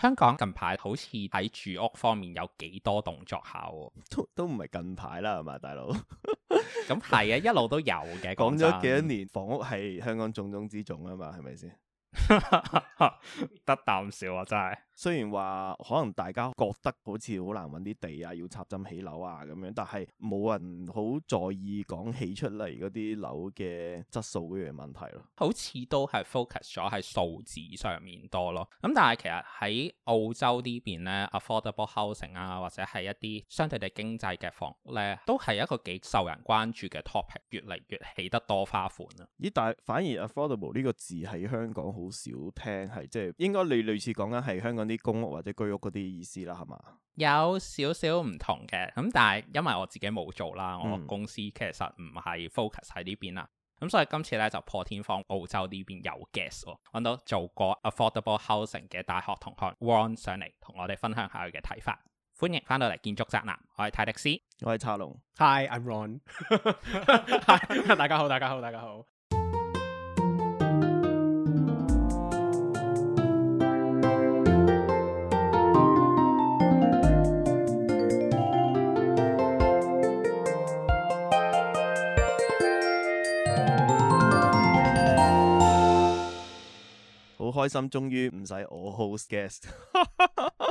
香港近排好似喺住屋方面有幾多動作效喎？都都唔係近排啦，係嘛，大佬？咁係啊，一路都有嘅。講咗幾多年，房屋係香港重中之重啊嘛，係咪先？ 得啖笑啊！真係，雖然話可能大家覺得好似好難揾啲地啊，要插針起樓啊咁樣，但係冇人好在意講起出嚟嗰啲樓嘅質素嗰樣問題咯。好似都係 focus 咗喺數字上面多咯。咁但係其實喺澳洲呢邊咧，affordable housing 啊，或者係一啲相對地經濟嘅房屋咧，都係一個幾受人關注嘅 topic，越嚟越起得多花款啊。咦？但係反而 affordable 呢個字喺香港好。好少聽，係即係應該類類似講緊係香港啲公屋或者居屋嗰啲意思啦，係嘛？有少少唔同嘅，咁但係因為我自己冇做啦，我公司其實唔係 focus 喺呢邊啦，咁、嗯、所以今次咧就破天荒澳洲呢邊有 guest 搵、哦、到做過 affordable housing 嘅大學同學 Ron 上嚟同我哋分享下佢嘅睇法。歡迎翻到嚟建築宅男，我係泰迪斯，我係差龍。Hi，I'm Ron。係，大家好，大家好，大家好。好開心，終於唔使我 host guest，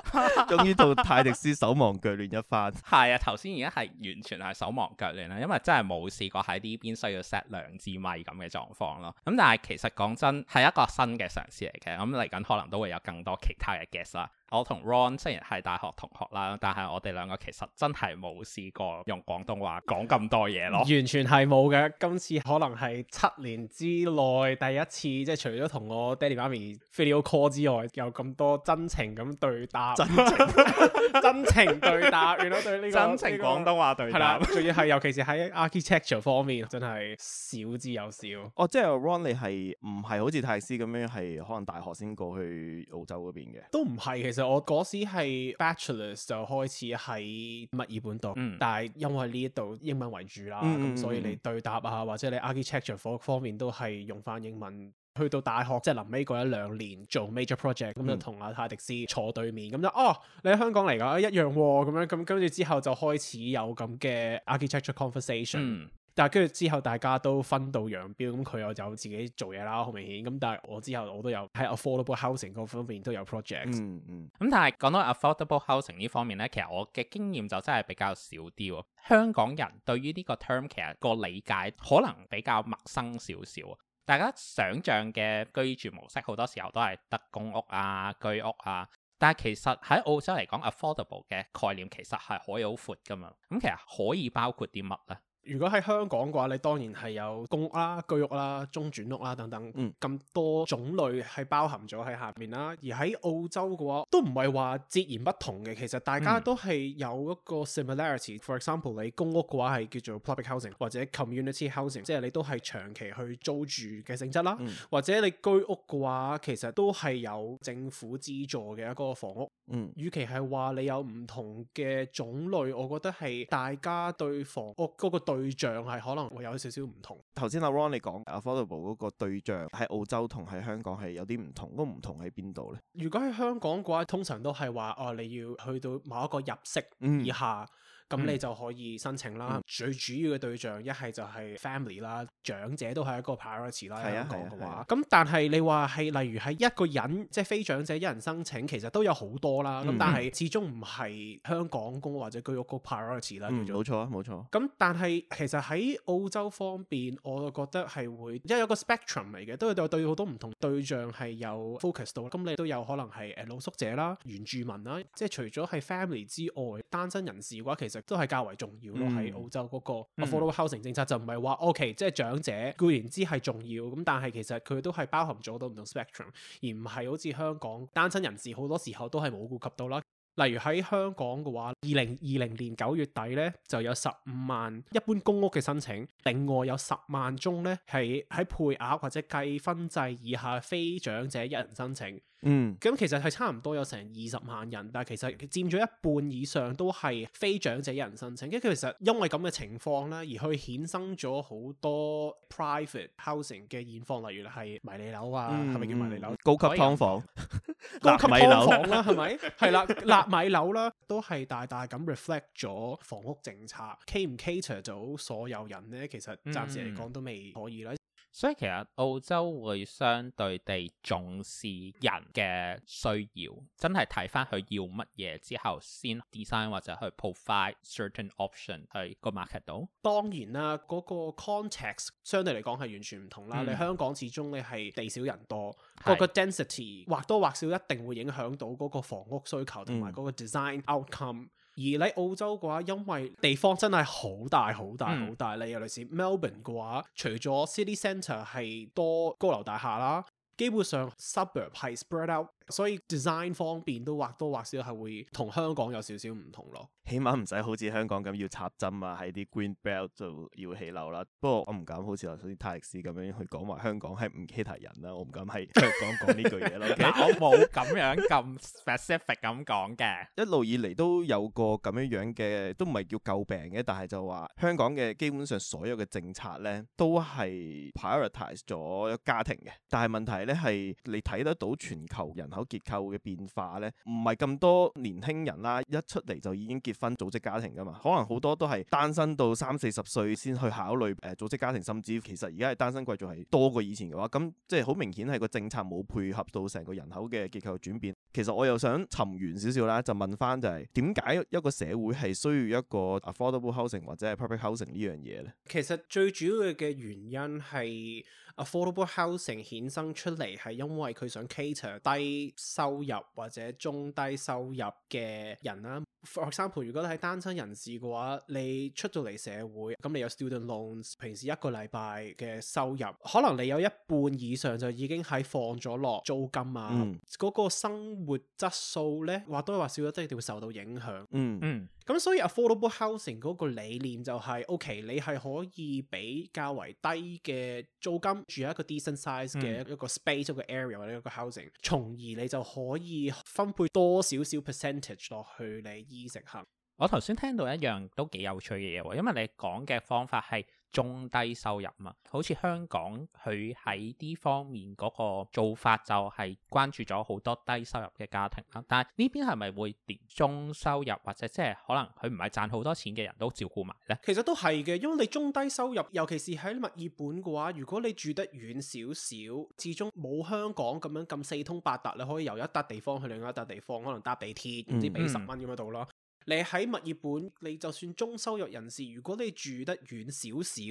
終於到泰迪斯手忙腳亂一番。係 啊，頭先而家係完全係手忙腳亂啦，因為真係冇試過喺呢邊需要 set 兩支咪咁嘅狀況咯。咁、嗯、但係其實講真係一個新嘅嘗試嚟嘅，咁嚟緊可能都會有更多其他嘅 guest 啦。我同 Ron 雖然係大學同學啦，但係我哋兩個其實真係冇試過用廣東話講咁多嘢咯。完全係冇嘅，今次可能係七年之內第一次，即係除咗同我爹哋媽咪 video call 之外，有咁多真情咁對答。真情， 真情對答，原來對呢、這個真情廣東話對答，係啦、這個，仲要係尤其是喺 architecture 方面，真係少之又少。哦，即係 Ron，你係唔係好似泰斯咁樣係可能大學先過去澳洲嗰邊嘅？都唔係嘅。其實我嗰時係 Bachelor 就開始喺墨爾本讀，嗯、但係因為呢一度英文為主啦，咁、嗯、所以你對答啊，或者你 architecture 方面都係用翻英文。去到大學即係臨尾嗰一兩年做 major project，咁就同阿泰迪斯坐對面，咁就哦，你喺香港嚟㗎，一樣咁、哦、樣，咁跟住之後就開始有咁嘅 architecture conversation、嗯。但係跟住之後，大家都分道揚鑣。咁佢又就有自己做嘢啦，好明顯。咁但係我之後我都有喺 affordable housing 嗰方面都有 project。咁、嗯嗯嗯、但係講到 affordable housing 呢方面呢，其實我嘅經驗就真係比較少啲喎、哦。香港人對於呢個 term 其實個理解可能比較陌生少少。大家想象嘅居住模式好多時候都係得公屋啊、居屋啊。但係其實喺澳洲嚟講，affordable 嘅概念其實係可以好闊噶嘛。咁、嗯、其實可以包括啲乜咧？如果喺香港嘅話，你當然係有公屋啦、居屋啦、中轉屋啦等等咁、嗯、多種類係包含咗喺下面啦。而喺澳洲嘅話都唔係話截然不同嘅。其實大家都係有一個 similarity、嗯。For example，你公屋嘅話係叫做 public housing 或者 community housing，即係你都係長期去租住嘅性質啦。嗯、或者你居屋嘅話其實都係有政府資助嘅一、嗰個房屋。嗯、與其係話你有唔同嘅種類，我覺得係大家對房屋、嗰個對。對象係可能會有少少唔同。頭先阿 Ron 你講 Affordable 嗰個對象喺澳洲同喺香港係有啲唔同，嗰個唔同喺邊度呢？如果喺香港嘅話，通常都係話哦，你要去到某一個入息以下。嗯咁你就可以申請啦。嗯、最主要嘅對象一係、嗯、就係 family 啦，長者都係一個 priority 啦。香港嘅話，咁、啊啊啊、但係你話係例如係一個人即係、就是、非長者一人申請，其實都有好多啦。咁、嗯、但係始終唔係香港公或者居屋個 priority 啦。嗯，冇中、嗯錯，啊、錯，冇錯。咁但係其實喺澳洲方面，我就覺得係會因為有個 spectrum 嚟嘅，都有對好多唔同對象係有 focus 到。咁你都有可能係誒露宿者啦、原住民啦，即係除咗係 family 之外，單身人士嘅話，其實。都係較為重要咯，喺、嗯、澳洲嗰、嗰個澳洲嘅 affordable housing 政策就唔係話 O.K.，即係長者固然之係重要，咁但係其實佢都係包含咗到唔同 spectrum，而唔係好似香港單親人士好多時候都係冇顧及到啦。例如喺香港嘅話，二零二零年九月底呢就有十五萬一般公屋嘅申請，另外有十萬宗呢係喺配額或者計分制以下非長者一人申請。嗯，咁其實係差唔多有成二十萬人，但係其實佔咗一半以上都係非長者人申請，其實因為咁嘅情況咧，而去衍生咗好多 private housing 嘅現況，例如係迷你樓啊，係咪、嗯、叫迷你樓？高級劏房、人 高級劏房啦，係咪？係啦，納米樓啦，都係大大咁 reflect 咗房屋政策 cater 咗所有人咧？其實暫時嚟講都未可以啦。嗯所以其實澳洲會相對地重視人嘅需要，真係睇翻佢要乜嘢之後先 design 或者去 provide certain option 去個 market 度。當然啦，嗰個 context 相對嚟講係完全唔同啦。嗯、你香港始終你係地少人多，嗰是個 density 或多或少一定會影響到嗰個房屋需求同埋嗰個 design outcome。而喺澳洲嘅話，因為地方真係好大好大好大，嗯、例如類似 Melbourne 嘅話，除咗 City Centre 係多高樓大廈啦，基本上 suburb 係 spread out。所以 design 方面都或多或少係會同香港有少少唔同咯。起碼唔使好似香港咁要插針啊，喺啲 green belt 就要起樓啦。不過我唔敢好似頭先泰迪斯咁樣去講話香港係唔 cater 人啦、啊，我唔敢喺香港講呢句嘢咯 okay?、啊。我冇咁樣咁 specific 咁講嘅。 一路以嚟都有個咁樣樣嘅，都唔係叫詬病嘅，但係就話香港嘅基本上所有嘅政策咧都係 prioritize 咗家庭嘅。但係問題咧係你睇得到全球人口結構嘅變化呢，唔係咁多年輕人啦，一出嚟就已經結婚組織家庭噶嘛，可能好多都係單身到三四十歲先去考慮誒、呃、組織家庭，甚至其實而家係單身貴族係多過以前嘅話，咁即係好明顯係個政策冇配合到成個人口嘅結構轉變。其實我又想尋源少少啦，就問翻就係點解一個社會係需要一個 affordable housing 或者係 public housing 呢樣嘢呢？其實最主要嘅原因係 affordable housing 衍生出嚟係因為佢想 cater 低。收入或者中低收入嘅人啦、啊。學生盤，如果你係單身人士嘅話，你出咗嚟社會，咁你有 student loans，平時一個禮拜嘅收入，可能你有一半以上就已經喺放咗落租金啊，嗰、嗯、個生活質素咧，或多或少都一定會受到影響。嗯嗯，咁、嗯、所以 affordable housing 嗰個理念就係、是，OK，你係可以俾較為低嘅租金住喺一個 decent size 嘅一個 space，一個、嗯、area 或者一個 housing，從而你就可以分配多少少 percentage 落去你。意識下，我頭先聽到一樣都幾有趣嘅嘢，因為你講嘅方法係。中低收入嘛，好似香港佢喺呢方面嗰個做法就係關注咗好多低收入嘅家庭啦。但係呢邊係咪會連中收入或者即係可能佢唔係賺好多錢嘅人都照顧埋呢？其實都係嘅，因為你中低收入，尤其是喺墨爾本嘅話，如果你住得遠少少，至終冇香港咁樣咁四通八達，你可以由一笪地方去另外一笪地方，可能搭地鐵，唔知俾十蚊咁樣度咯。你喺物業本，你就算中收入人士，如果你住得遠少少，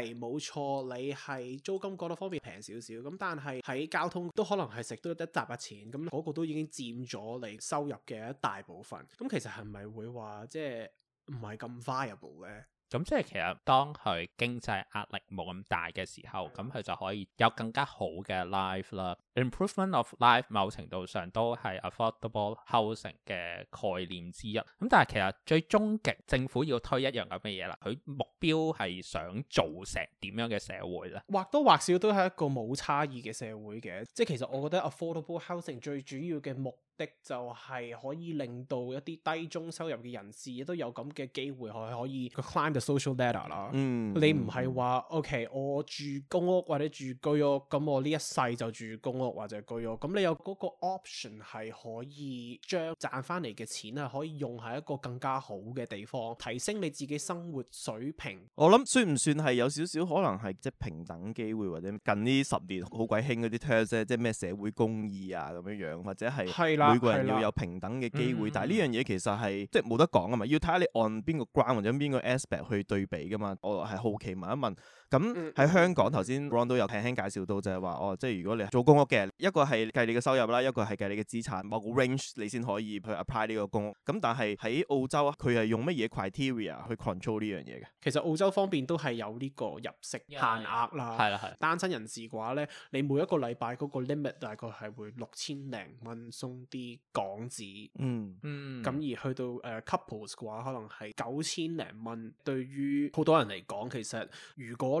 係冇錯，你係租金嗰度方面平少少，咁但係喺交通都可能係食得一紮錢，咁、那、嗰個都已經佔咗你收入嘅一大部分，咁其實係咪會話即係唔係咁 viable 嘅？咁即係其實當佢經濟壓力冇咁大嘅時候，咁佢的就可以有更加好嘅 life 啦。Improvement of life 某程度上都係 affordable housing 嘅概念之一。咁但係其實最終極政府要推一樣咁嘅嘢啦，佢目標係想做成點樣嘅社會咧？或多或少都係一個冇差異嘅社會嘅。即係其實我覺得 affordable housing 最主要嘅目的就係可以令到一啲低中收入嘅人士都有咁嘅機會去可以 climb the social ladder 啦。嗯，你唔係話 OK，我住公屋或者住居屋，咁我呢一世就住公屋或者居屋。咁你有嗰個 option 係可以將賺翻嚟嘅錢啊，係可以用喺一個更加好嘅地方，提升你自己生活水平。我諗算唔算係有少少可能係即係平等機會，或者近呢十年好鬼興嗰啲 terms 即係咩社會公義啊咁樣樣，或者係每個人要有平等嘅機會，嗯、但係呢樣嘢其實係、嗯、即係冇得講啊嘛，要睇下你按邊個 ground 或者邊個 aspect 去對比㗎嘛。我係好奇問一問。咁喺香港，頭先、嗯、Ron 都有輕輕介紹到就，就係話哦，即係如果你係做公屋嘅，一個係計你嘅收入啦，一個係計你嘅資產某個 range 你先可以去 apply 呢個公屋。咁但係喺澳洲，佢係用乜嘢 criteria 去 control 呢樣嘢嘅？其實澳洲方面都係有呢個入息限額啦。係啦係。單身人士嘅話咧，你每一個禮拜嗰個 limit 大概係會六千零蚊，送啲港紙嗯嗯。咁、嗯、而去到誒、uh, couples 嘅話可能係九千零蚊。對於好多人嚟講，其實，如果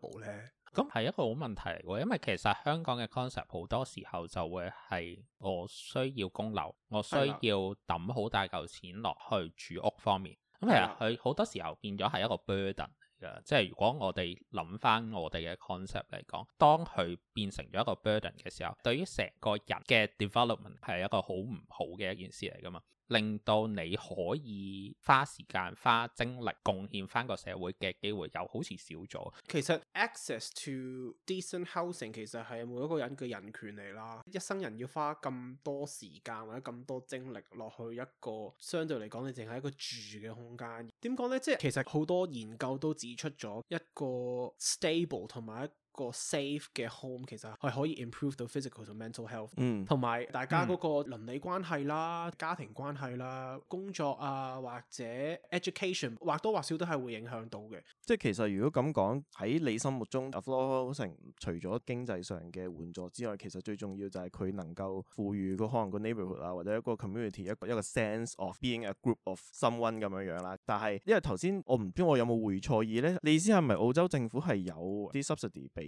冇咧，咁係一個好問題嚟嘅，因為其實香港嘅 concept 好多時候就會係我需要供樓，我需要抌好大嚿錢落去住屋方面，咁其實佢好多時候變咗係一個 burden 嚟噶，即係如果我哋諗翻我哋嘅 concept 嚟講，當佢變成咗一個 burden 嘅時候，對於成個人嘅 development 係一個好唔好嘅一件事嚟噶嘛。令到你可以花時間、花精力，貢獻翻個社會嘅機會，又好似少咗。其實 access to decent housing 其實係每一個人嘅人權嚟啦。一生人要花咁多時間或者咁多精力落去一個相對嚟講，你淨係一個住嘅空間。點講呢？即係其實好多研究都指出咗一個 stable 同埋個 safe 嘅 home 其實係可以 improve 到 physical 同 mental health，嗯，同埋大家嗰個鄰里關係啦、家庭關係啦、工作啊或者 education，或多或少都係會影響到嘅。即係其實如果咁講喺你心目中 affordable 除咗經濟上嘅援助之外，其實最重要就係佢能夠賦予嗰可能個 neighborhood 啊或者一個 community 一個一個 sense of being a group of someone 咁樣樣啦。但係因為頭先我唔知我有冇回錯意咧，你意思係咪澳洲政府係有啲 subsidy 俾？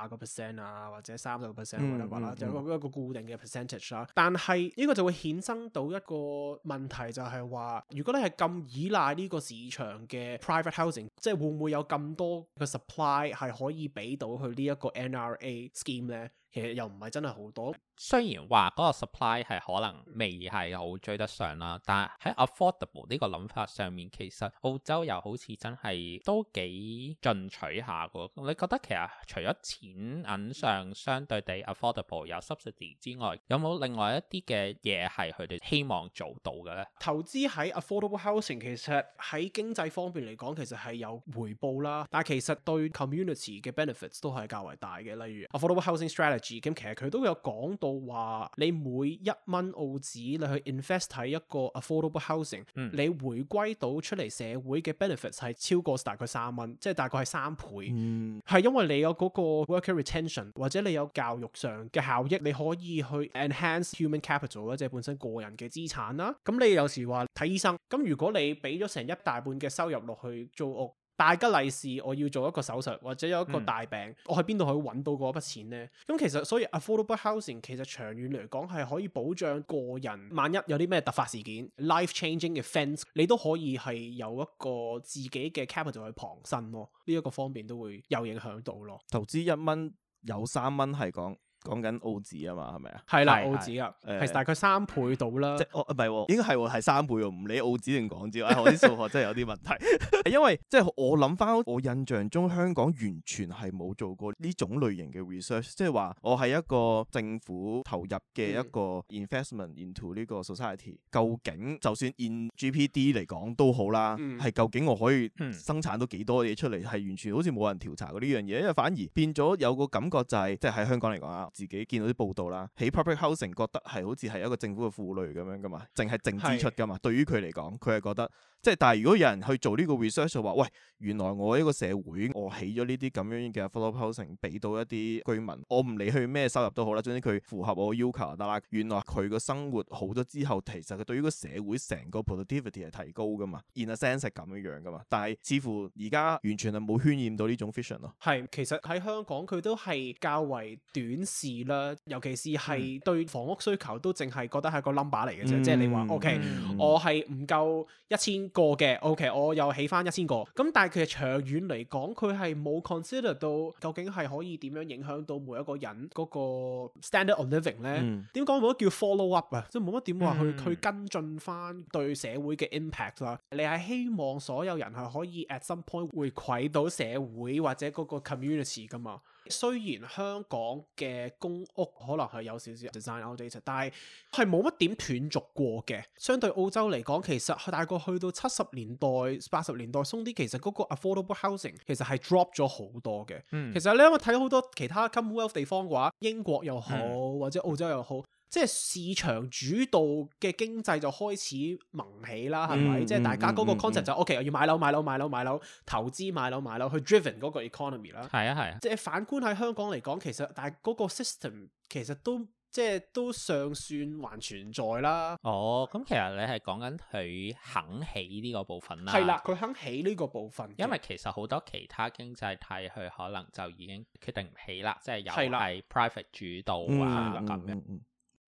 廿個 percent 啊，或者三十個 percent 咁樣話啦，就一個一個固定嘅 percentage 啦。但係呢、呢個就會衍生到一個問題，就係、係、話，如果你係咁依賴呢個市場嘅 private housing，即係會唔會有咁多嘅 supply 係可以俾到佢呢一個 NRA scheme 咧？其實又唔係真係好多，雖然話嗰個 supply 係可能未係好追得上啦，但係喺 affordable 呢個諗法上面，其實澳洲又好似真係都幾進取下嘅。你覺得其實除咗錢銀上相對地 affordable 有 subsidy 之外，有冇另外一啲嘅嘢係佢哋希望做到嘅咧？投資喺 affordable housing 其實喺經濟方面嚟講，其實係有回報啦。但係其實對 community 嘅 benefits 都係較為大嘅，例如 affordable housing strategy。咁其實佢都有講到話，你每一蚊澳紙你去 invest 喺 in 一個 affordable housing、嗯、你回歸到出嚟社會嘅 benefits 係超過大概三蚊，即、就、係、是、大概係三倍，係、嗯、因為你有嗰個 worker retention 或者你有教育上嘅效益，你可以去 enhance human capital 啦，即係本身個人嘅資產啦。咁你有時話睇醫生，咁如果你俾咗成一大半嘅收入落去租屋。大吉利事，我要做一個手術，或者有一個大病，嗯、我喺邊度可以揾到嗰筆錢呢？咁其實所以 affordable housing 其實長遠嚟講係可以保障個人，萬一有啲咩突發事件，life changing 嘅 event，你都可以係有一個自己嘅 capital 去傍身咯。呢、這、一個方面都會有影響到咯。投資一蚊有三蚊係講。講緊澳紙啊嘛，係咪啊？係啦的，澳紙啊，係的的大概三倍到啦。即係我唔係，應該係係、哦、三倍喎、哦，唔理澳紙定港紙、哎。我啲數學真係有啲問題。 因為即係我諗翻，我印象中香港完全係冇做過呢種類型嘅 research，即係話我係一個政府投入嘅一個 investment into 呢個 society，究竟就算 in g p d 嚟講都好啦，係 究竟我可以生產到幾多嘢出嚟？係完全好似冇人調查過呢樣嘢，因為反而變咗有個感覺就係、是，即係喺香港嚟講啊。自己見到啲報道啦，喺 public housing 覺得係好似係一個政府嘅負累咁樣噶嘛，淨係淨支出噶嘛，是對於佢嚟講，佢係覺得。即係，但係如果有人去做呢個 research 就話，喂，原來我呢個社會我起咗呢啲咁樣嘅 affordable housing 俾到一啲居民，我唔理佢咩收入都好啦，總之佢符合我要求就得啦。原來佢個生活好咗之後，其實佢對於個社會成個 productivity 係提高噶嘛，in a sense 係咁樣樣噶嘛。但係似乎而家完全係冇渲染到呢種 vision 咯。係，其實喺香港佢都係較為短視啦，尤其是係對房屋需求都淨係覺得係個 number 嚟嘅啫，嗯、即係你話 OK，嗯、我係唔夠一千個嘅，OK，我又起翻一千個，咁但係其實長遠嚟講，佢係冇 consider 到究竟係可以點樣影響到每一個人嗰個 standard of living 咧？點講冇乜叫 follow up 啊，即係冇乜點話去、嗯、去跟進翻對社會嘅 impact 啦。你係希望所有人係可以 at some point 回饋到社會或者嗰個 community 噶嘛？雖然香港嘅公屋可能係有少少 design outdated，但係係冇乜點斷續過嘅。相對澳洲嚟講，其實大概去到七十年代、八十年代鬆啲，其實嗰個 affordable housing 其實係 drop 咗好多嘅。嗯，其實你因為睇好多其他 Commonwealth 地方嘅話，英國又好或者澳洲又好。即係市場主導嘅經濟就開始萌起啦，係咪、嗯？即係大家嗰個 concept 就 OK，要買樓買樓買樓買樓，投資買樓買樓去 driven 嗰個 economy 啦。係啊係啊，即係反觀喺香港嚟講，其實但係嗰個 system 其實都即係都尚算還存在啦。哦，咁其實你係講緊佢肯起呢個部分啦。係啦、嗯，佢肯起呢個部分，因為其實好多其他經濟體佢可能就已經決定唔起啦，即係由係 private 主導啊咁樣。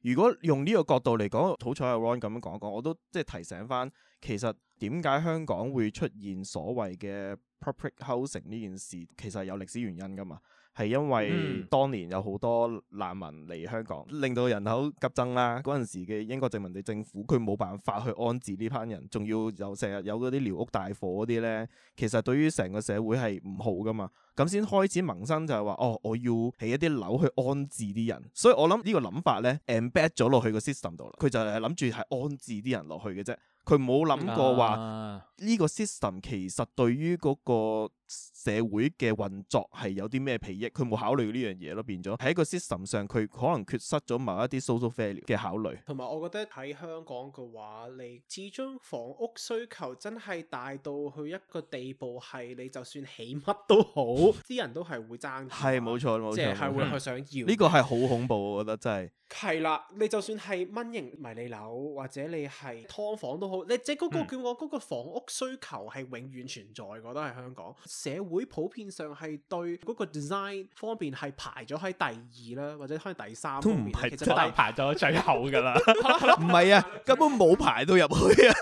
如果用呢個角度嚟講，好彩阿 Ron 咁樣講一講，我都即係提醒返，其實點解香港會出現所謂嘅 property housing 呢件事，其實係有歷史原因㗎嘛。係因為當年有好多難民嚟香港，令到人口急增啦。嗰陣時嘅英國殖民地政府，佢冇辦法去安置呢班人，仲要有成日有嗰啲寮屋大火嗰啲呢。其實對於成個社會係唔好噶嘛，咁先開始萌生就係話哦，我要起一啲樓去安置啲人。所以我諗呢個諗法呢，embed 咗落去個 system 度啦。佢就係諗住係安置啲人落去嘅啫，佢冇諗過話呢個 system 其實對於嗰個。社會嘅運作係有啲咩裨益？佢冇考慮呢樣嘢咯，變咗喺個 system 上，佢可能缺失咗某一啲 social failure 嘅考慮。同埋我覺得喺香港嘅話，你始終房屋需求真係大到去一個地步，係你就算起乜都好，啲 人都係會爭。係冇錯，冇錯，即係會去想要。呢、嗯呢個係好恐怖，我覺得真係。係 啦，你就算係蚊型迷你樓，或者你係劏房都好，你即係嗰個叫我嗰個房屋需求係永遠存在，我覺得係香港。社會普遍上係對嗰個 design 方面係排咗喺第二啦，或者可能第三方面。都唔係，即係排咗最後噶啦，唔係 啊， 根本冇排到入去啊。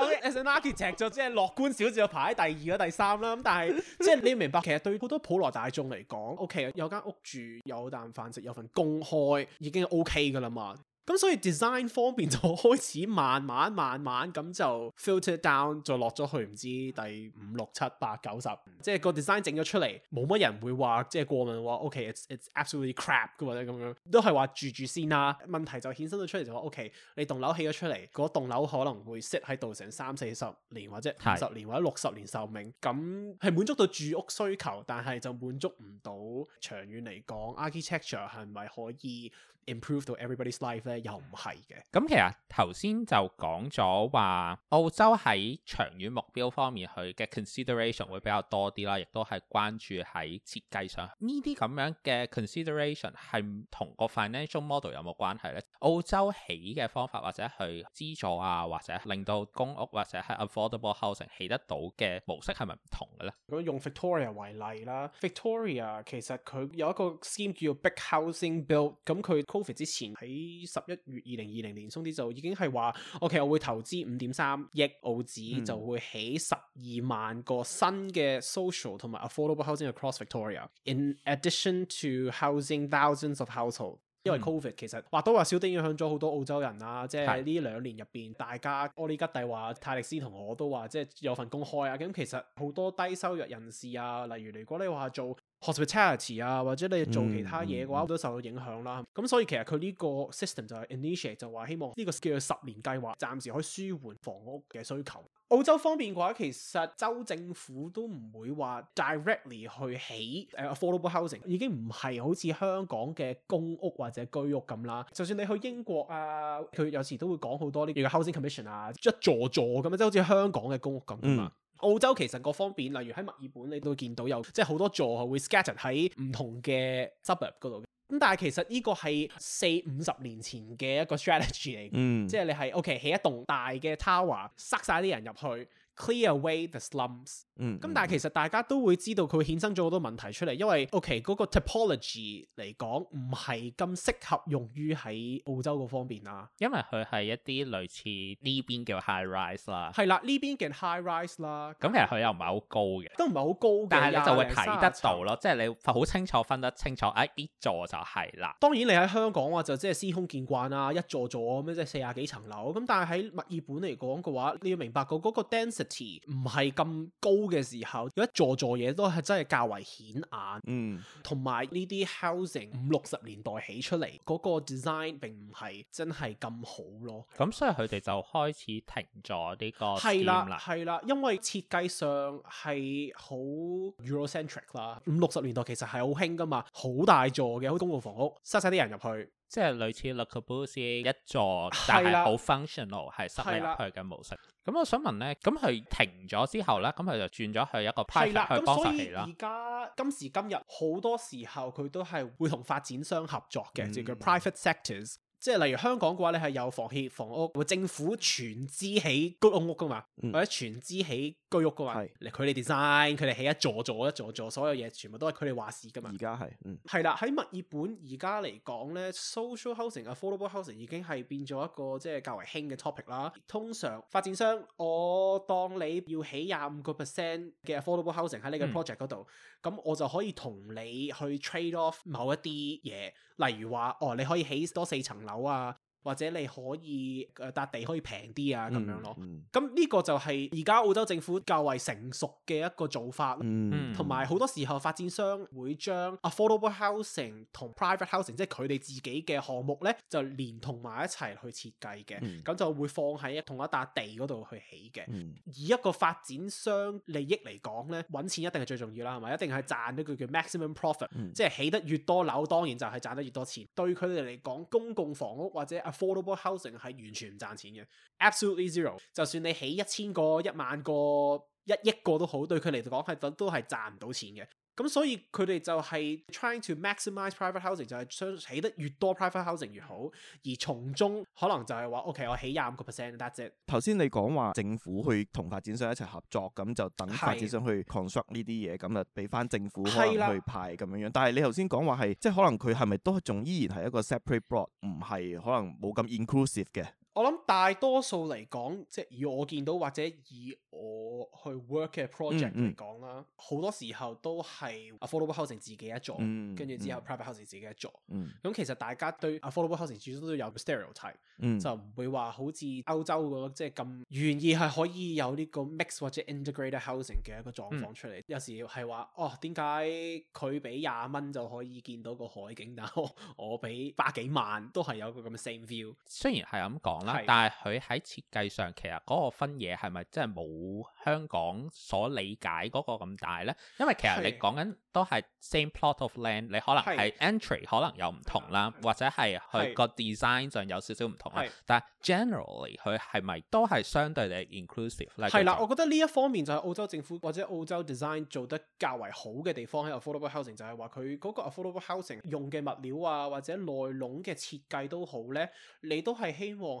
OK，As lucky 錫咗，即係樂觀小就排喺第二啦、第三啦。咁但係即係你明白， 其實對好多普羅大眾嚟講，OK，有間屋住，有啖飯食，有份工開已經 OK 噶啦嘛。咁所以 design 方面就開始慢慢慢慢咁就 filter down 就落咗去唔知第五六七八九十，即係個 design 整咗出嚟，冇乜人會話即係過問話 OK、okay, it's it's absolutely crap 咁或者咁樣，都係話住住先啦、啊。問題就衍生咗出嚟就話 OK 你棟樓起咗出嚟，嗰棟樓可能會 set 喺度成三四十年或者五十年或者六十年壽命，咁係滿足到住屋需求，但係就滿足唔到長遠嚟講 architecture 係咪可以 improve 到 everybody's life？又唔係嘅，咁其實頭先就講咗話澳洲喺長遠目標方面佢嘅 consideration 會比較多啲啦，亦都係關注喺設計上。呢啲咁樣嘅 consideration 係同個 financial model 有冇關係咧？澳洲起嘅方法或者去資助啊，或者令到公屋或者係 affordable housing 起得到嘅模式係咪唔同嘅咧？咁用 Victoria 為例啦，Victoria 其實佢有一個 scheme 叫 Big Housing Build，咁佢 COVID 之前喺十十一月二零二零年，松啲就已經係話，O.K. 我會投資五點三億澳紙，就會起十二萬個新嘅 social 同埋 affordable housing across Victoria。In addition to housing thousands of household，因為 Covid 其實或多或少啲影響咗好多澳洲人啊，即係呢兩年入邊，大家奧利吉蒂話泰迪斯同我都話，即係有份工開啊。咁其實好多低收入人士啊，例如如果你話做。hospitality 啊，或者你做其他嘢嘅話，嗯嗯、都受到影響啦。咁所以其實佢呢個 system 就係 initiate 就話希望呢個叫做十年計劃，暫時可以舒緩房屋嘅需求。澳洲方面嘅話，其實州政府都唔會話 directly 去起誒 affordable housing，已經唔係好似香港嘅公屋或者居屋咁啦。就算你去英國啊，佢有時都會講好多呢個 housing commission 啊，一座座咁啊，即係好似香港嘅公屋咁啊、嗯。澳洲其實各方面，例如喺墨爾本，你都見到有即係好多座啊，會 scatter 喺唔同嘅 suburb 嗰度。咁但係其實呢個係四五十年前嘅一個 strategy 嚟，嗯、即係你係 OK 起一棟大嘅 tower 塞晒啲人入去。Clear away the slums、嗯。嗯，咁但係其實大家都會知道佢會衍生咗好多問題出嚟，因為 OK 嗰個 typology 嚟講唔係咁適合用於喺澳洲嗰方面啦。因為佢係一啲類似呢邊叫 high rise 啦。係啦、嗯，呢邊嘅 high rise 啦，咁但其實佢又唔係好高嘅，都唔係好高，但係你就會睇得到咯，即係你好清楚分得清楚，哎、一座就係啦。當然你喺香港嘅話就即係司空見慣啊，一座座咁樣即係四廿幾層樓。咁但係喺墨爾本嚟講嘅話，你要明白、個嗰個 density。唔係咁高嘅時候，有一座座嘢都係真係較為顯眼，嗯，同埋呢啲 housing 五六十年代起出嚟嗰個 design 並唔係真係咁好咯。咁所以佢哋就開始停咗呢個，係啦，係啦，因為設計上係好 Eurocentric 啦。五六十年代其實係好興㗎嘛，好大座嘅公共房屋，塞晒啲人入去。即係類似 LocalBus 嘅一座，的但係好 functional，係塞入去嘅模式。咁的我想問咧，咁佢停咗之後咧，咁佢就轉咗去一個 private 的去幫手嚟啦。咁所以而家今時今日好多時候佢都係會同發展商合作嘅，即、嗯、叫 private sectors。即係例如香港嘅話，你係有房協房屋，政府全資起、嗯、起居屋噶嘛，或者全資起居屋噶嘛，係佢哋 design，佢哋起一座座一座一座，一座，一座，一座，所有嘢全部都係佢哋話事噶嘛。而家係，係、嗯、啦，喺墨爾本而家嚟講呢 social housing 啊，affordable housing 已經係變咗一個即係較為輕嘅 topic 啦。通常發展商，我當你要起廿五個 percent 嘅 affordable housing 喺呢個 project 度，嗯，咁我就可以同你去 trade off 某一啲嘢。例如話哦，你可以起多四層樓啊。.或者你可以誒笪、呃、地可以平啲啊，咁樣咯。咁呢、嗯嗯、個就係而家澳洲政府較為成熟嘅一個做法，同埋好多時候發展商會將 affordable housing 同 private housing 即係佢哋自己嘅項目呢，就連同埋一齊去設計嘅，咁、嗯、就會放喺同一笪地嗰度去起嘅。嗯、以一個發展商利益嚟講呢，揾錢一定係最重要啦，係咪？一定係賺呢個叫 maximum profit，嗯、即係起得越多樓，當然就係賺得越多錢。對佢哋嚟講，公共房屋或者。Affordable housing 係完全唔賺錢嘅，absolutely zero。就算你起一千個一萬個一億個都好，對佢嚟講，係都都係賺唔到錢嘅。咁、嗯、所以佢哋就係 trying to maximize private housing，就係想起得越多 private housing 越好，而從中可能就係話：OK，我起廿五個 percent 得啫。頭先你講話政府去同發展商一齊合作，咁就等發展商去 construct 呢啲嘢，咁就俾翻政府去派咁樣樣。的但係你頭先講話係，即係可能佢係咪都仲依然係一個 separate board，唔係可能冇咁 inclusive 嘅？我諗大多數嚟講，即係以我見到或者以我去 work 嘅 project 嚟、嗯嗯、講啦，好多時候都係 affordable housing 自己一座，跟住之後 private housing 自己一座。咁、嗯、其實大家對 affordable housing 始終都有 stereotype，、嗯、就唔會話好似歐洲個即係咁願意係可以有呢個 mix 或者 integrated housing 嘅一個狀況出嚟。嗯、有時係話哦，點解佢俾廿蚊就可以見到個海景，但我我俾百幾萬都係有個咁嘅 same view。雖然係咁講。但係佢喺設計上，其實個分野係咪真係冇香港所理解嗰個咁大咧？因為其實你講緊都係 same plot of land，你可能係 entry 可能有唔同啦，的或者係佢個 design 上有少少唔同啦。的但係 generally 佢係咪都係相對地 inclusive 咧？係啦，我覺得呢一方面就係澳洲政府或者澳洲 design 做得較為好嘅地方喺個 affordable housing，就係話佢個 affordable housing 用嘅物料啊，或者內籠嘅設計都好咧，你都係希望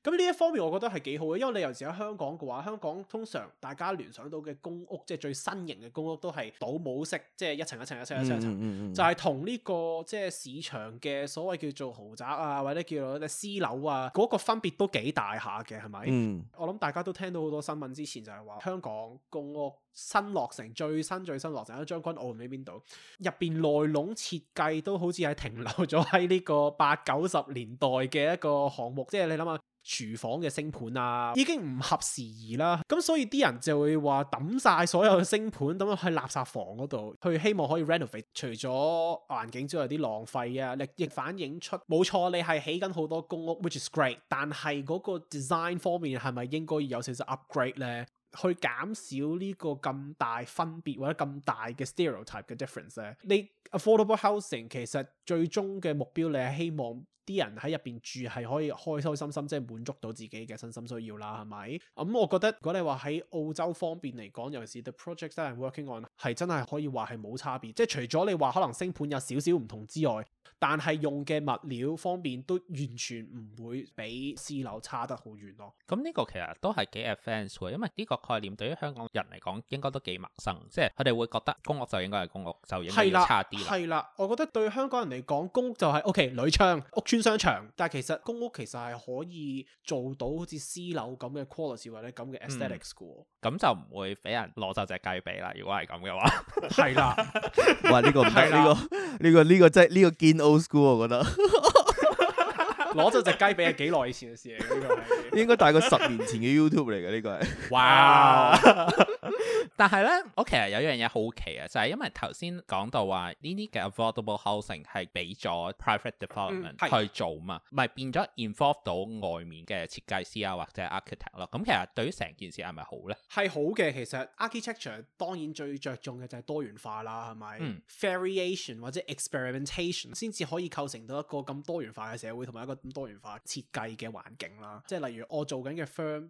咁呢一方面，我覺得係幾好嘅，因為你尤其喺香港嘅話，香港通常大家聯想到嘅公屋，即係最新型嘅公屋都係倒模式，即係一層一層一層一層，嗯嗯、就係同呢個即係市場嘅所謂叫做豪宅啊，或者叫做私樓啊，嗰、嗰個分別都幾大下嘅，係咪？嗯、我諗大家都聽到好多新聞，之前就係話香港公屋新落成最新最新落成喺將軍澳唔知邊度，入邊內籠設計都好似係停留咗喺呢個八九十年代嘅一個項目，即係你諗下。廚房嘅星盤啊，已經唔合時宜啦，咁所以啲人就會話抌晒所有嘅星盤，咁樣去垃圾房嗰度，去希望可以 renovate。除咗環境之外啲浪費啊，力亦反映出冇錯，你係起緊好多公屋，which is great，但係嗰個 design 方面係咪應該要有少少 upgrade 咧？去減少呢個咁大分別或者咁大嘅 stereotype 嘅 difference 咧，你 affordable housing 其實最終嘅目標你係希望啲人喺入邊住係可以開開心心，即係滿足到自己嘅身心需要啦，係咪？咁、嗯、我覺得如果你話喺澳洲方面嚟講，尤其是 the projects I'm working on 係真係可以話係冇差別，即係除咗你話可能升盤有少少唔同之外。但係用嘅物料方面都完全唔會比私樓差得好遠咯。咁呢個其實都係幾 advanced 嘅，因為呢個概念對於香港人嚟講應該都幾陌生，即係佢哋會覺得公屋就應該係公屋就應該差啲。係啦，我覺得對香港人嚟講，公屋就係、是、O.K.，女長屋村商場，但係其實公屋其實係可以做到好似私樓咁嘅 quality 或者咁嘅 aesthetics 嘅、嗯。咁就唔會俾人攞走隻雞髀啦！如果係咁嘅話，係 啦的， 哇！呢、這個唔得，呢的、這個呢、這個呢、這個即係呢個堅、這個這個 old school 我覺得，攞咗隻雞髀係幾耐以前嘅事嚟？呢個，應該大概十年前嘅 YouTube 嚟嘅呢個係，哇！ 但係咧，我其實有樣嘢好奇啊，就係、是、因為頭先講到話呢啲嘅 affordable housing 係俾咗 private development、嗯、去做啊嘛，咪變咗 involve 到外面嘅設計師啊或者 architect 咯。咁其實對於成件事係咪好咧？係好嘅，其實 architecture 當然最着重嘅就係多元化啦，係咪、嗯、variation 或者 experimentation 先至可以構成到一個咁多元化嘅社會，同埋一個咁多元化設計嘅環境啦。即係例如我做緊嘅 firm。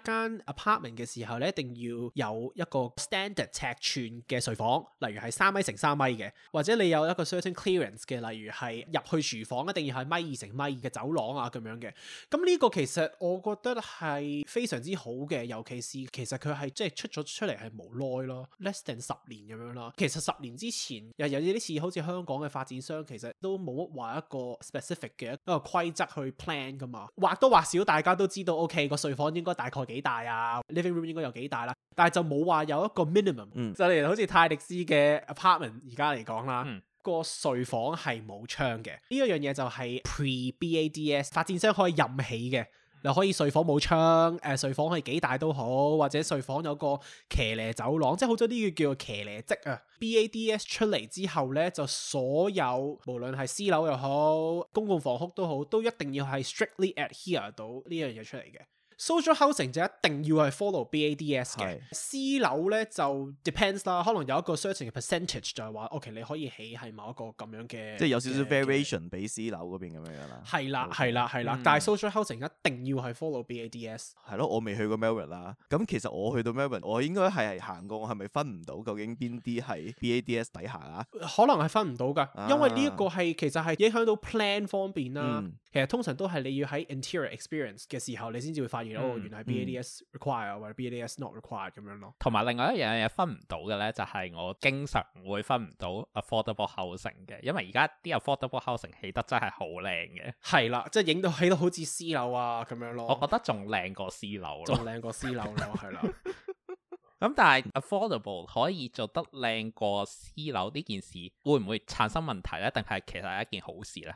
間 apartment 嘅時候咧，一定要有一個 standard 尺寸嘅睡房，例如係三米乘三米嘅，或者你有一個 certain clearance 嘅，例如係入去廚房一定要係米二乘米二嘅走廊啊咁樣嘅。咁呢個其實我覺得係非常之好嘅，尤其是其實佢係即係出咗出嚟係無耐咯，less than 十年咁樣啦。其實十年之前又有啲似好似香港嘅發展商，其實都冇乜話一個 specific 嘅一個規則去 plan 噶嘛，或多或少大家都知道，OK 個睡房應該大概。幾大啊？living room 應該有幾大啦，啊，但係就冇話有，有一個 minimum，嗯、就例如好似泰迪斯嘅 apartment 而家嚟講啦，嗯、個睡房係冇窗嘅，呢、這個樣嘢就係 pre-BADS 發展商可以任起嘅，又可以睡房冇窗，誒睡房可以幾大都好，或者睡房有個騎呢走廊，即係好多啲叫叫做騎呢積啊。BADS 出嚟之後呢，就所有無論係私樓又好，公共房屋都好，都一定要係 strictly adhere 到呢樣嘢出嚟嘅。social housing 就一定要係 follow BADS 嘅係，私樓咧就 depends 啦，可能有一個 certain percentage 就係話，OK 你可以起係某一個咁樣嘅，即係有少少 variation 俾私樓嗰邊咁樣啦。係啦，係啦，係啦、嗯，但係 social housing 一定要係 follow BADS。係咯，我未去過 Melbourne 啦，咁其實我去到 Melbourne，我應該係行過，我係咪分唔到究竟邊啲係 BADS 底下啊？可能係分唔到㗎，因為呢一個係、啊、其實係影響到 plan 方面啦。嗯、其實通常都係你要喺 interior experience 嘅時候，你先至會發現。嗯，原來係 BADS required 或者 BADS not required 咁樣咯。同埋另外一樣嘢分唔到嘅咧，就係我經常會分唔到 affordable housing 嘅，因為而家啲 affordable housing 起得真係好靚嘅。係啦，即係影到起得好似私樓啊咁樣咯。我覺得仲靚過私樓咯，仲靚過私樓咯，係啦。咁但係 affordable 可以做得靚過私樓呢件事，會唔會產生問題咧？定係其實係一件好事咧？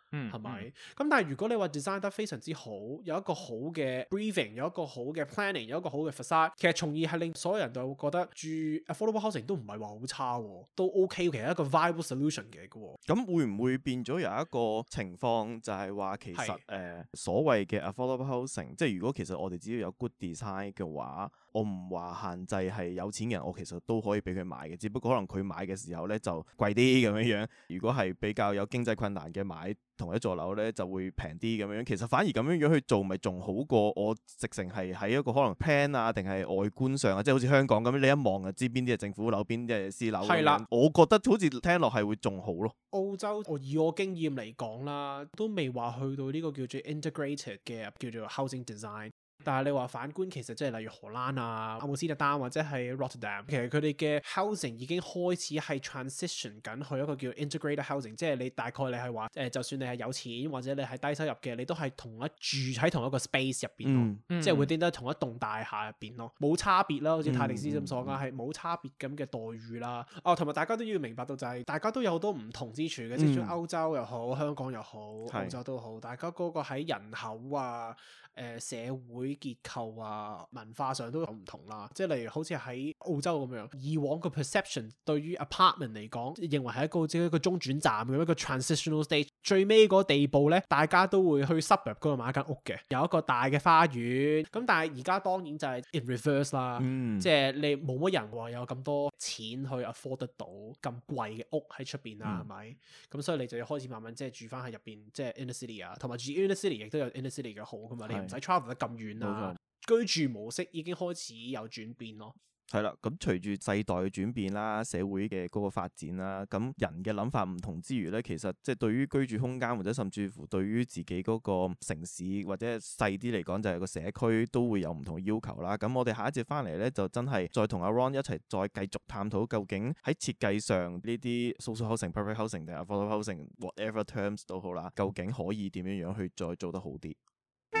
嗯，係、嗯、咪？咁但係如果你話 design 得非常之好，有一個好嘅 breathing，有一個好嘅 planning，有一個好嘅 facade，其實從而係令所有人就會覺得住 affordable housing 都唔係話好差、哦，都 OK，其實一個 viable solution 嚟嘅、哦。咁會唔會變咗有一個情況，就係話其實誒是、呃、所謂嘅 affordable housing，即係如果其實我哋只要有 good design 嘅話，我唔話限制係有錢人，我其實都可以俾佢買嘅，只不過可能佢買嘅時候咧就貴啲咁樣樣。如果係比較有經濟困難嘅買。同一座樓咧就會平啲咁樣，其實反而咁樣樣去做咪仲好過我直情係喺一個可能 plan 啊，定係外觀上啊，即係好似香港咁樣，你一望就知邊啲係政府樓，邊啲係私樓。係啦的，我覺得好似聽落係會仲好咯。澳洲我以我經驗嚟講啦，都未話去到呢個叫做 integrated 嘅叫做 housing design。但係你話反觀，其實即係例如荷蘭啊、阿姆斯特丹或者係 Rotterdam，其實佢哋嘅 housing 已經開始係 transition 緊去一個叫 integrated housing，即係你大概你係話誒，就算你係有錢或者你係低收入嘅，你都係同一住喺同一個 space 入邊，嗯嗯、即係會變得同一棟大廈入邊咯，冇差別啦，好似泰迪斯咁講啊，係冇、嗯嗯嗯、差別咁嘅待遇啦。哦，同埋大家都要明白到就係大家都有好多唔同之處嘅，即係歐洲又好，香港又好，嗯、澳洲都好，是大家嗰個喺人口啊。誒，社會結構啊，文化上都有唔同啦。即係例如好似喺澳洲咁樣，以往個 perception 對於 apartment 嚟講，認為係一個即係一個中轉站咁一個 transitional stage。最尾嗰個地步咧，大家都會去 suburb 嗰度買一間屋嘅，有一個大嘅花園。咁但係而家當然就係 in reverse 啦，嗯、即係你冇乜人話有咁多錢去 afford 得到咁貴嘅屋喺出邊啊，係咪、嗯？咁所以你就要開始慢慢即係住翻喺入邊，即係 inner city 啊，同埋住 inner city 亦都有 inner city 嘅好噶嘛。唔使 travel 得咁遠啦、啊，錯居住模式已經開始有轉變咯。係啦，咁隨住世代嘅轉變啦，社會嘅嗰個發展啦，咁人嘅諗法唔同之餘咧，其實即係對於居住空間或者甚至乎對於自己嗰個城市或者細啲嚟講就係個社區都會有唔同嘅要求啦。咁我哋下一節翻嚟咧，就真係再同阿 Ron 一齊再繼續探討究竟喺設計上呢啲宿舍 housing、p r i v a t housing 定係 a f o housing，whatever terms 都好啦，究竟可以點樣樣去再做得好啲？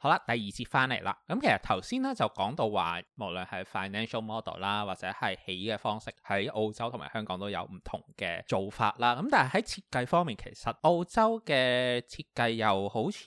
好啦，第二節翻嚟啦。咁其實頭先咧就講到話，無論係 financial model 啦，或者係起嘅方式，喺澳洲同埋香港都有唔同嘅做法啦。咁但係喺設計方面，其實澳洲嘅設計又好似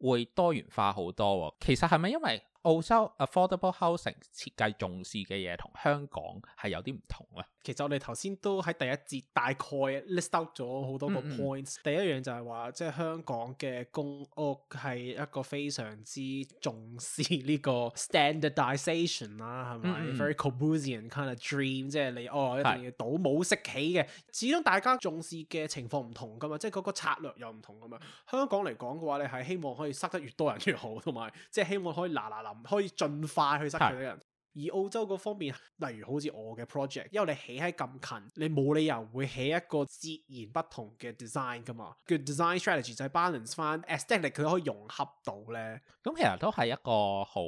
會多元化好多。其實係咪因為澳洲 affordable housing 設計重視嘅嘢同香港係有啲唔同咧？其實我哋頭先都喺第一節大概 list out 咗好多個 points。嗯嗯，第一樣就係話，即係香港嘅公屋係一個非常之重視呢個 standardization 啦，係咪 very Corbusian kind of dream？即係你哦一定是要倒模式起嘅。始終大家重視嘅情況唔同噶嘛，即係嗰個策略又唔同噶嘛。香港嚟講嘅話，你係希望可以塞得越多人越好，同埋即係希望可以嗱嗱臨可以盡快去塞佢啲人。而澳洲嗰方面，例如好似我嘅 project，因為你起喺咁近，你冇理由會起一個截然不同嘅 design 噶嘛。佢 design strategy 就係 balance 翻，establish 佢可以融合到咧。咁其實都係一個好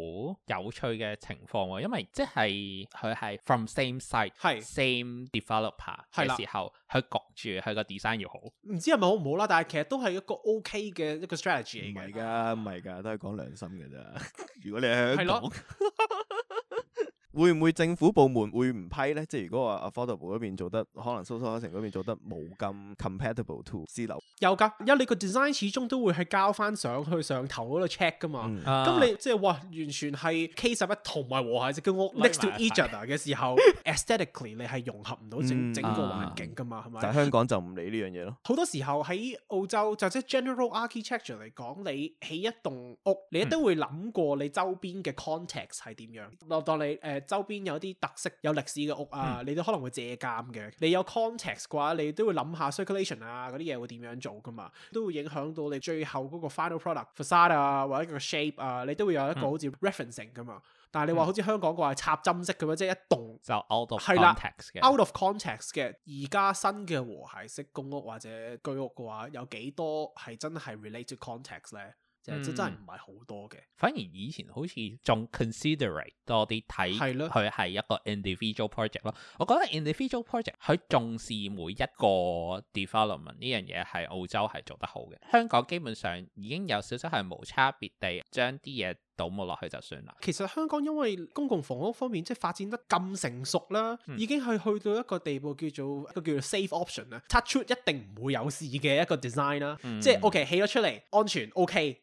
有趣嘅情況，因為即係，佢係 from same site，係是 same developer 係時候，佢焗住佢個 design 要好。唔知係咪好唔好啦，但係其實都係一個 OK 嘅一個 strategy 嚟嘅。唔係㗎，唔係㗎，都係講良心㗎啫。 如果你喺香港是的 會唔會政府部門會唔批咧？即係如果話 affordable 嗰邊做得，可能 social housing 嗰邊做得冇咁 compatible to 私樓。有㗎，因為你個 design 始終都會係交翻上去上頭嗰度 check 㗎嘛。咁你即係話完全係 K11 同埋和諧式嘅屋 next to each other 嘅時候，aesthetically 你係融合唔到整整個環境㗎嘛？係咪？但係香港就唔理呢樣嘢咯。好多時候喺澳洲就即係 general architecture 嚟講，你起一棟屋，你都會諗過你周邊嘅 context 係點樣。當你誒。周邊有啲特色有歷史嘅屋啊，你都可能會借鑑嘅。你有 context 嘅話，你都會諗下 circulation 啊嗰啲嘢會點樣做噶嘛，都會影響到你最後嗰個 final product facade 啊或者個 shape 啊，你都會有一個好似 referencing 噶嘛。但係你話好似香港話、嗯、插針式咁樣，即一棟就 out of context 嘅啦。out of context 嘅而家新嘅和諧式公屋或者居屋嘅話，有幾多係真係 related context 咧？即真真係唔係好多嘅、嗯，反而以前好似仲 considerate 多啲睇的，係咯，佢係一個 individual project 咯。我覺得 individual project 佢重視每一個 development 呢樣嘢係澳洲係做得好嘅。香港基本上已經有少少係無差別地將啲嘢倒冇落去就算啦。其實香港因為公共房屋方面即係發展得咁成熟啦，嗯、已經係去到一個地步叫做叫做 safe option 啦，touch wood 一定唔會有事嘅一個 design 啦，嗯、即係 OK 起咗出嚟安全 OK。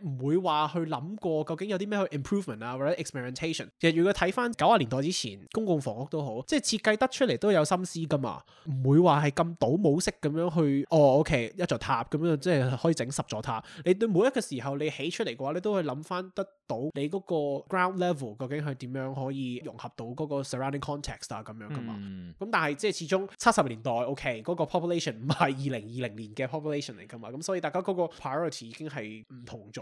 唔會話去諗過究竟有啲咩去 improvement 啊，或者 experimentation。其實如果睇翻九十年代之前公共房屋都好，即係設計得出嚟都有心思噶嘛，唔會話係咁倒模式咁樣去哦。OK，一座塔咁樣即係可以整十座塔。你對每一個時候你起出嚟嘅話，你都去諗翻得到你嗰個 ground level 究竟係點樣可以融合到嗰個 surrounding context 啊咁樣噶嘛。咁、嗯嗯、但係即係始終七十年代 OK 嗰個 population 唔係二零二零年嘅 population 嚟噶嘛，咁所以大家嗰個 priority 已經係唔同咗。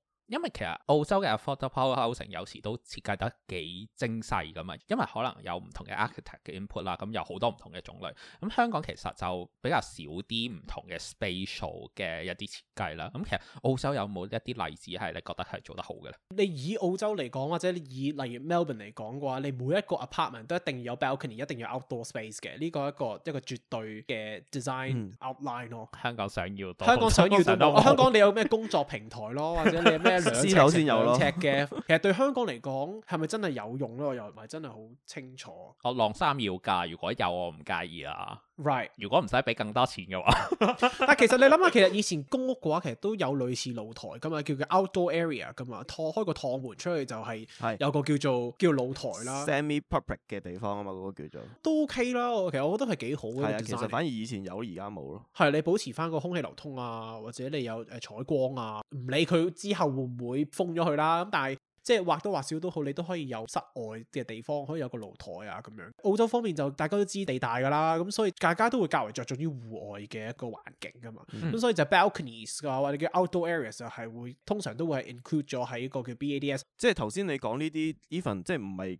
因為其實澳洲嘅 affordable housing 有時都設計得幾精細㗎嘛，因為可能有唔同嘅 architect 嘅 input 啦、嗯，咁有好多唔同嘅種類。咁、嗯、香港其實就比較少啲唔同嘅 spatial 嘅一啲設計啦。咁、嗯、其實澳洲有冇一啲例子係你覺得係做得好嘅咧？你以澳洲嚟講，或者你以例如 Melbourne 嚟講嘅話，你每一個 apartment 都一定要有 balcony，一定要 outdoor space 嘅，呢、這個一個一個絕對嘅 design outline 咯、嗯。香港想要多，香港想要得、啊、香港你有咩工作平台咯，或者你有咩？ 先頭先有咯， 兩尺嘅。 其實對香港嚟講，係咪真係有用咧？又唔係真係好清楚。哦、啊，晾衫要㗎，如果有我唔介意啊。Right，如果唔使俾更多錢嘅話 ，但其實你諗下，其實以前公屋嘅話，其實都有類似露台噶嘛，叫做 outdoor area 噶嘛，拓開個趟門出去就係係有個叫做是叫做露台啦，semi-public 嘅地方啊嘛，嗰、嗰個叫做都 OK 啦。其、OK，實我覺得係幾好嘅，係啊。其實反而以前有而家冇咯。係你保持翻個空氣流通啊，或者你有誒採、呃、光啊，唔理佢之後會唔會封咗佢啦。咁但係。即係畫多畫少都好，你都可以有室外嘅地方，可以有個露台啊咁樣。澳洲方面就大家都知地大㗎啦，咁所以大家都會較為着重於戶外嘅一個環境㗎嘛。咁、嗯、所以就 balconies 啊或者叫 outdoor areas 就係會通常都會係 include 咗喺個叫 BADS。即係頭先你講呢啲 even 呢份即係唔係？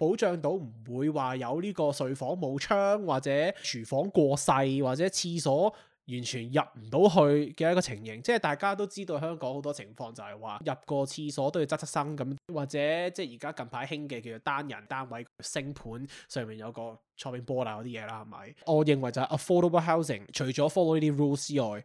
保障到唔會話有呢個睡房冇窗，或者廚房過細，或者廁所完全入唔到去嘅一個情形，即係大家都知道香港好多情況就係話入個廁所都要側側身咁，或者即係而家近排興嘅叫做單人單位升盤上面有個窗邊玻璃嗰啲嘢啦，係咪？我認為就係 affordable housing，除咗 follow 呢啲 rules 之外。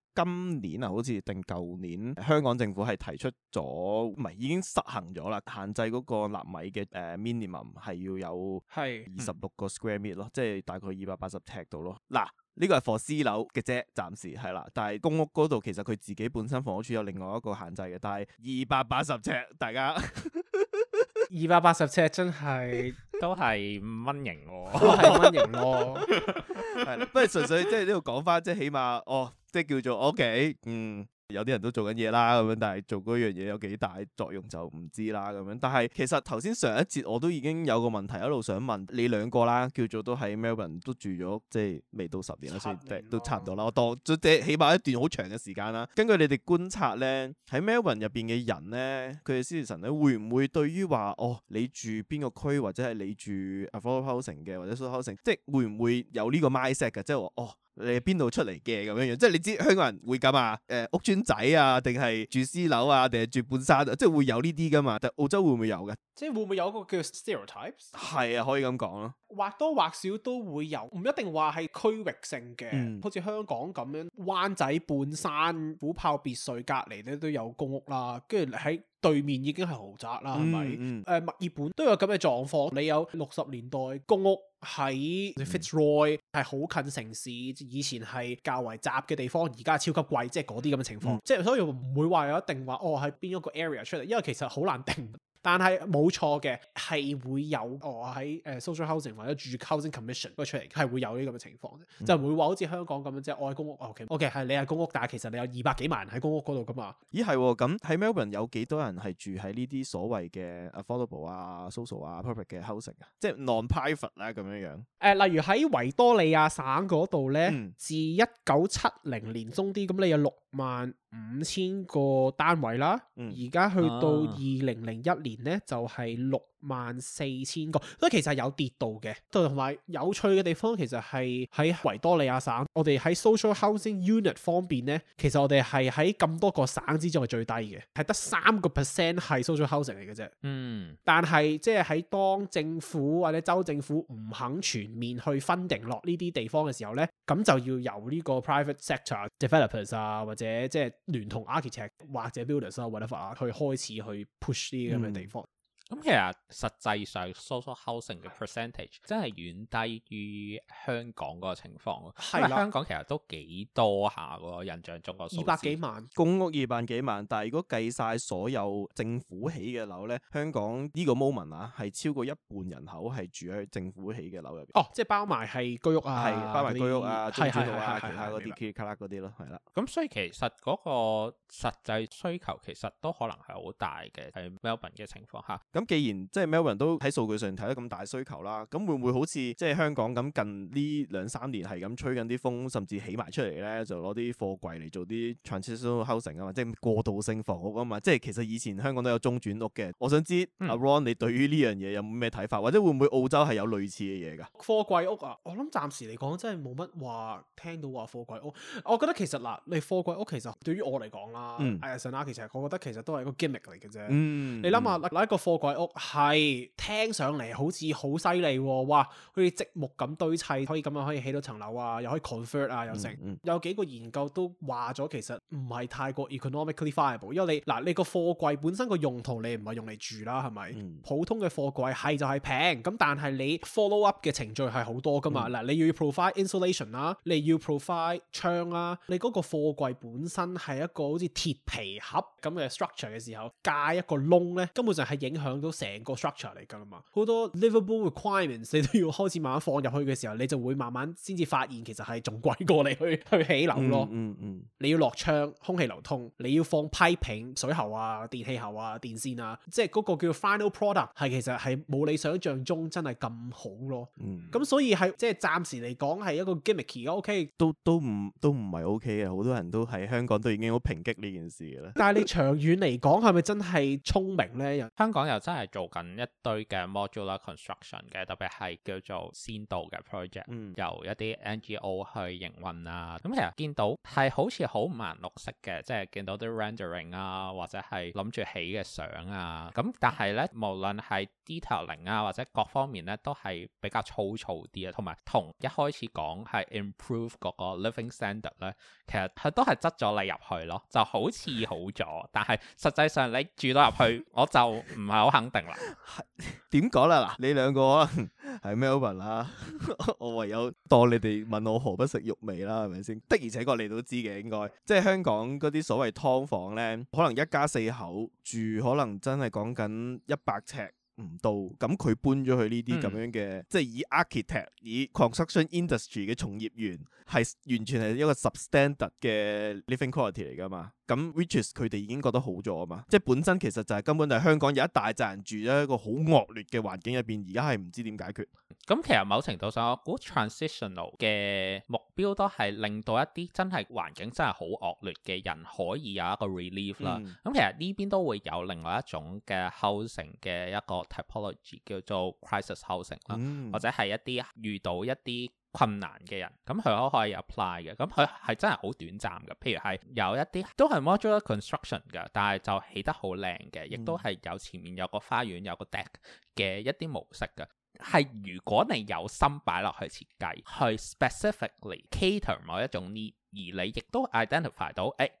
今年啊，好似定舊年香港政府係提出咗，唔係已經實行咗啦，限制嗰個納米嘅誒、呃、minimum 係要有係二十六個 square meter 咯，即係大概二百八十尺度咯。嗱，呢個係 for 私樓嘅啫，暫時係啦。但係公屋嗰度其實佢自己本身房屋署有另外一個限制嘅，但係二百八十尺，大家二百八十尺真係都係蚊型，都係蚊型咯。係，不過純粹即係呢度講翻，即係起碼哦。即係叫做，OK，嗯，有啲人都做緊嘢啦，咁樣，但係做嗰樣嘢有幾大作用就唔知啦，咁樣。但係其實頭先上一節我都已經有個問題一路想問你兩個啦，叫做都喺 Melbourne 都住咗，即係未到十年啦，七年所以都差唔多啦。我當即起碼一段好長嘅時間啦。根據你哋觀察咧，喺 Melbourne 入邊嘅人咧，佢哋 citizen 咧，會唔會對於話哦，你住邊個區或者係你住 Affordable Housing 嘅或者 Super Housing 即係會唔會有呢個 mindset 嘅，即係話哦？你係邊度出嚟嘅咁樣樣，即係你知香港人會咁啊？誒、呃，屋村仔啊，定係住私樓啊，定係住半山啊，即係會有呢啲㗎嘛？但澳洲會唔會有㗎？即係會唔會有一個叫 stereotypes？係啊，可以咁講咯。或多或少都會有，唔一定話係區域性嘅。好似、嗯、香港咁樣，灣仔半山虎豹別墅隔離咧都有公屋啦，跟住喺對面已經係豪宅啦，係咪、嗯？誒，墨爾、嗯呃、本都有咁嘅狀況。你有六十年代公屋喺 Fitzroy 係好、嗯、近城市，以前係較為雜嘅地方，而家超級貴，即係嗰啲咁嘅情況。即係、嗯嗯就是、所以唔會話有一定話哦，喺邊一個 area 出嚟，因為其實好難定。但係冇錯嘅，係會有我喺誒 social housing 或者住 housing commission 嗰出嚟，係會有呢啲咁嘅情況啫，嗯、就唔會話好似香港咁樣即係我喺公屋，OK，OK，okay, okay, 係你係公屋，但係其實你有二百幾萬人喺公屋嗰度噶嘛？咦，係咁喺 Melbourne 有幾多人係住喺呢啲所謂嘅 affordable 啊、social 啊、public 嘅 housing 啊，即係 non-private 啦咁樣樣。誒，例如喺維多利亞省嗰度咧，自一九七零年中啲咁，你有六萬，五千個單位啦，而家、嗯、去到二零零一年呢、啊、就係六萬四千個，所以其實係有跌度嘅。同埋有，有趣嘅地方，其實係喺維多利亞省，我哋喺 social housing unit 方面呢，其實我哋係喺咁多個省之中係最低嘅，係得三個 percent 係 social housing 嚟嘅啫。嗯，但係即係喺當政府或者州政府唔肯全面去 funding 落呢啲地方嘅時候呢，咁就要由呢個 private sector developers 啊，或者即係聯同 architect 或者 builders 啊 whatever、啊、去開始去 push 啲咁嘅地方。嗯咁其實實際上 social housing 嘅 percentage 真係遠低於香港嗰個情況，因為香港其實都幾多下喎，印象中個二百幾萬公屋，二百幾萬，但係如果計晒所有政府起嘅樓咧，香港呢個 moment 啊係超過一半人口係住喺政府起嘅樓入邊，哦，即係包埋係居屋啊，係包埋居屋啊、中轉屋啊、其他嗰啲 kit kat 嗰啲咯，係啦。咁所以其實嗰個實際需求其實都可能係好大嘅，喺 Melbourne 嘅情況下。咁既然即係 Melbourne 都喺數據上睇得咁大需求啦，咁會唔會好似即係香港咁近呢兩三年係咁吹緊啲風，甚至起埋出嚟咧，就攞啲貨櫃嚟做啲 transitional housing 啊嘛，即係過渡性房屋啊嘛，即係其實以前香港都有中轉屋嘅。我想知阿、嗯、Ron 你對於呢樣嘢有冇咩睇法，或者會唔會澳洲係有類似嘅嘢噶貨櫃屋啊，我諗暫時嚟講真係冇乜話聽到話、啊、貨櫃屋。我覺得其實嗱，你貨櫃屋其實對於我嚟講啦係啊 Ron 啊，嗯、其實我覺得其實都係一個 gimmick 嚟嘅啫。嗯、你諗下，嗱一個貨櫃。屋係聽上嚟好似好犀利，哇！好似積木咁堆砌，可以咁樣可以起到層樓啊，又可以 convert 啊，又成。嗯嗯、有幾個研究都話咗，其實唔係太過 economically viable，因為你嗱，你個貨櫃本身個用途你唔係用嚟住啦，係咪？嗯、普通嘅貨櫃係就係平，咁但係你 follow up 嘅程序係好多噶嘛。嗱、嗯，你要 provide insulation 啦、啊，你要 provide 窗啦、啊，你嗰個貨櫃本身係一個好似鐵皮盒咁嘅 structure 嘅時候，加一個窿咧，根本上係影響。都成個 structure 嚟㗎啦嘛，好多 livable requirements 你都要開始慢慢放入去嘅時候，你就會慢慢先至發現其實係仲貴過你去去起樓咯嗯。嗯嗯，你要落窗空氣流通，你要放 piping 水喉啊、電氣喉啊、電線啊，即係個叫 final product 係其實係冇你想象中真係咁好咯。嗯，咁所以係即係暫時嚟講係一個 gimmicky、okay? 咯。O K，都都唔都唔係 O K 嘅，好多人都喺香港都已經好抨擊呢件事嘅啦。但係你長遠嚟講係咪真係聰明咧？香港又都係做緊一堆嘅 modular construction 嘅，特別係叫做先導嘅 project，由一啲 NGO 去營運啊。咁其實見到係好似好五顏六色嘅，即係見到啲 rendering 啊，或者係諗住起嘅相啊。咁但係咧，無論係 detailing 啊，或者各方面咧，都係比較粗糙啲啊。同埋同一開始講係 improve 個個 living standard 咧，其實佢都係執咗你入去咯，就好似好咗，但係實際上你住到入去，我就唔係。我。肯定啦 ，點講啦嗱？你兩個可能係 Melbourne 啦， 我唯有當你哋問我何不食肉味啦，係咪先？的而且確你應該都知嘅，應該即係香港嗰啲所謂劏房咧，可能一家四口住，可能真係講緊一百尺唔到，咁佢搬咗去呢啲咁樣嘅，嗯、即係以 architect 以 construction industry 嘅從業員，係完全係一個 substandard 嘅 living quality 嚟㗎嘛。咁 which is 佢哋已經覺得好咗啊嘛，即係本身其實就係根本就係香港有一大羣人住喺一個好惡劣嘅環境入邊，而家係唔知點解決。咁其實某程度上，我估 transitional 嘅目標都係令到一啲真係環境真係好惡劣嘅人可以有一個 relief 啦。咁、嗯、其實呢邊都會有另外一種嘅 housing 嘅一個 typology 叫做 crisis housing 啦，嗯、或者係一啲遇到一啲困難嘅人，咁佢可可以 apply 嘅，咁佢係真係好短暫嘅。譬如係有一啲都係 modular construction 嘅，但係就起得好靚嘅，亦都係有前面有個花園、有個 deck 嘅一啲模式嘅。係如果你有心擺落去設計，去 specifically cater 某一種 need，而你亦都 identify 到，誒、欸。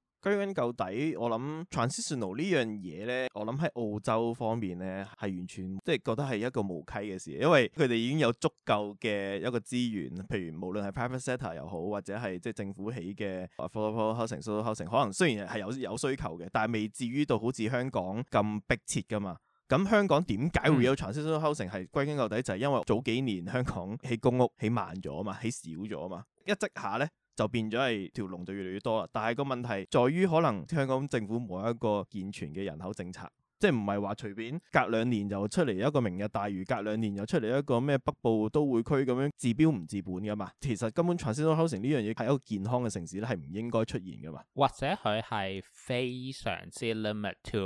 歸根究底，我諗 transitional 呢樣嘢咧，我諗喺澳洲方面咧係完全即係覺得係一個無稽嘅事，因為佢哋已經有足夠嘅一個資源，譬如無論係 private sector 又好，或者係即係政府起嘅啊 affordable housing，social housing 可能雖然係有有需求嘅，但係未至於到好似香港咁迫切㗎嘛。咁香港點解會有 transitional housing？係歸根究底就係、是、因為早幾年香港起公屋起慢咗啊嘛，起少咗啊嘛，一即下咧。就變咗係條龍就越嚟越多啦，但係個問題在於，可能香港政府冇一個健全嘅人口政策。即係唔係話隨便隔兩年就出嚟一個明日大嶼，隔兩年又出嚟一個咩北部都會區咁樣治標唔治本㗎嘛？其實根本 transition housing 呢樣嘢係一個健康嘅城市咧，係唔應該出現㗎嘛？或者佢係非常之 limit to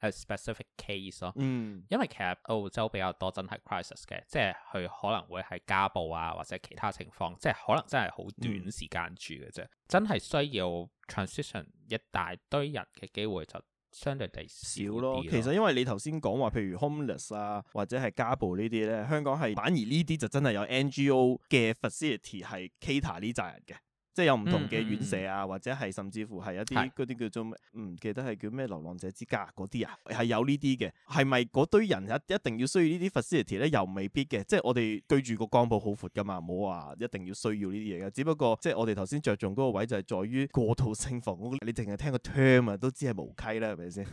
a specific case 咯，嗯，因為其實澳洲比較多真係 crisis 嘅，即係佢可能會係家暴啊，或者其他情況，即係可能真係好短時間住嘅啫，嗯、真係需要 transition 一大堆人嘅機會就。相對地少咯，其實因為你頭先講話，譬如 homeless 啊，或者係家暴呢啲咧，香港係反而呢啲就真係有 NGO 嘅 facility 係 cater 呢扎人嘅。即係有唔同嘅院舍啊，嗯、或者係甚至乎係一啲嗰啲叫做唔、嗯、記得係叫咩流浪者之家嗰啲啊，係有呢啲嘅。係咪嗰堆人一一定要需要呢啲 facility 咧？又未必嘅。即係我哋居住個光譜好闊噶嘛，冇話一定要需要呢啲嘢嘅。只不過即係我哋頭先着重嗰個位就係在於過渡性房屋。你淨係聽個 term 啊，都知係無稽啦，係咪先？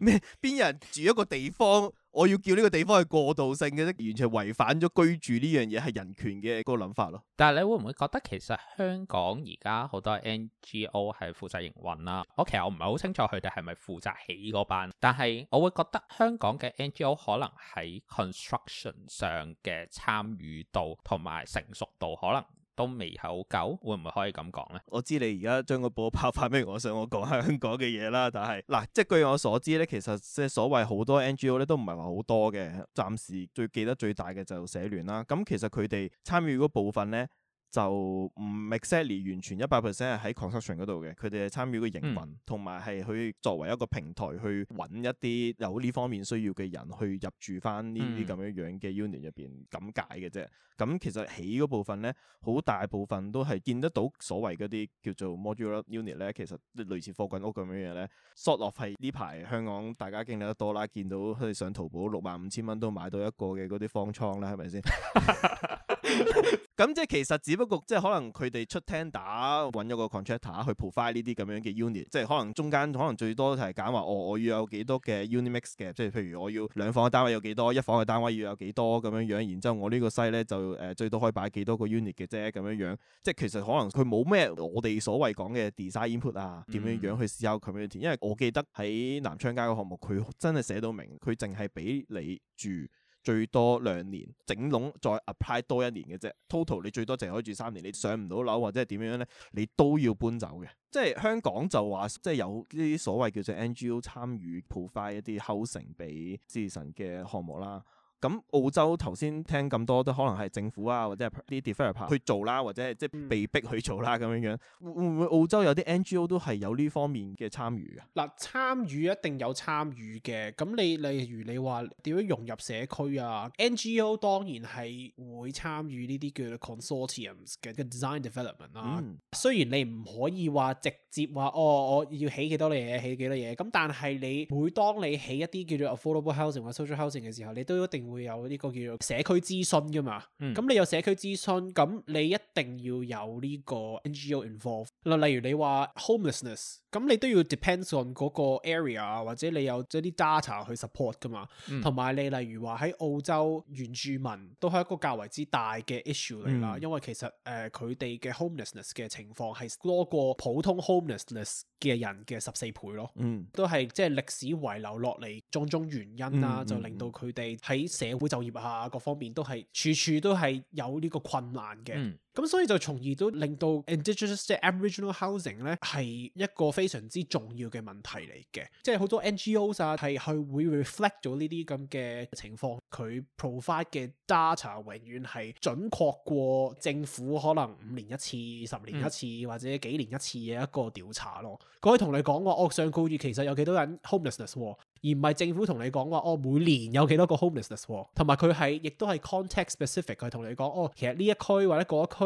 咩 邊、嗯、有人住一個地方？ 我要叫呢個地方係過渡性嘅，完全係違反咗居住呢樣嘢係人權嘅嗰個諗法咯。但係你會唔會覺得其實香港而家好多 NGO 係負責營運啦？Okay, 我其實我唔係好清楚佢哋係咪負責起嗰班，但係我會覺得香港嘅 NGO 可能喺 construction 上嘅參與度同埋成熟度可能。都未好夠，會唔會可以咁講呢？我知你而家將個波拋返俾我，想我講下香港嘅嘢啦。但係嗱，即係據我所知呢，其實即係所謂好多 NGO 咧，都唔係話好多嘅。暫時最記得最大嘅就係社聯啦。咁其實佢哋參與嗰部分呢。就唔 exactly 完全一百 percent 係喺 construction 嗰度嘅，佢哋係參與個營運，同埋係去作為一個平台去揾一啲有呢方面需要嘅人去入住翻呢啲咁樣、嗯、樣嘅 unit 入邊咁解嘅啫。咁、嗯、其實起嗰部分咧，好大部分都係見得到所謂嗰啲叫做 modular unit 咧，其實類似貨櫃屋咁樣嘢咧。sort of 係呢排香港大家經歷得多啦，見到佢哋上淘寶六萬五千蚊都買到一個嘅嗰啲方倉啦，係咪先？ 咁即係其實只不過即係可能佢哋出聽打揾咗個 contractor 去 provide 呢啲咁樣嘅 unit，即係可能中間可能最多就係講話我、哦、我要有幾多嘅 unit mix 嘅，即係譬如我要兩房嘅單位有幾多，一房嘅單位要有幾多咁樣樣，然之後我個呢個 size 咧就誒、呃、最多可以擺幾多個 unit 嘅啫咁樣樣，即係其實可能佢冇咩我哋所謂講嘅 design input 啊點樣樣去 sell community、嗯、因為我記得喺南昌街個項目佢真係寫到明，佢淨係俾你住。最多兩年，整籠再 apply 多一年嘅啫，total 你最多淨係可以住三年，你上唔到樓或者係點樣咧，你都要搬走嘅。即係香港就話，即係有呢啲所謂叫做 NGO 參與 provide 一啲後承俾慈善嘅項目啦。咁澳洲頭先聽咁多都可能係政府啊或者啲 developer 去做啦，或者係即係被逼去做啦咁樣、嗯、樣，會唔會澳洲有啲 NGO 都係有呢方面嘅參與啊？嗱，參與一定有參與嘅。咁你例如你話點樣融入社區啊？NGO、嗯、當然係會參與呢啲叫做 consortiums 嘅 design development 啦。嗯、雖然你唔可以話直接話哦，我要起幾多嘢，起幾多嘢。咁但係你每當你起一啲叫做 affordable housing 或者 social housing 嘅時候，你都一定會有呢個叫做社區諮詢噶嘛？咁、嗯、你有社區諮詢，咁你一定要有呢個 NGO involved 啦。例如你話 homelessness，咁你都要 depends on 嗰個 area 或者你有一啲 data 去 support 噶嘛？同埋、嗯、你例如話喺澳洲原住民都係一個較為之大嘅 issue 嚟啦，嗯、因為其實誒佢、呃、哋嘅 homelessness 嘅情況係多過普通 homelessness 嘅人嘅十四倍咯。嗯，都係即係歷史遺留落嚟種種原因啦，嗯、就令到佢哋喺社會就業啊，各方面都係處處都係有呢個困難嘅。嗯咁所以就從而都令到 Indigenous 即係 Aboriginal housing 咧係一個非常之重要嘅問題嚟嘅，即係好多 NGO 啊係佢會 reflect 咗呢啲咁嘅情況，佢 provide 嘅 data 永遠係準確過政府可能五年一次、十年一次、嗯、或者幾年一次嘅一個調查咯。佢可以同你講話哦上個月，其實有幾多人 homelessness、啊、而唔係政府同你講話哦，每年有幾多個 homelessness，同、啊、埋佢係亦都係 context specific，佢同你講哦，其實呢一區或者嗰一區。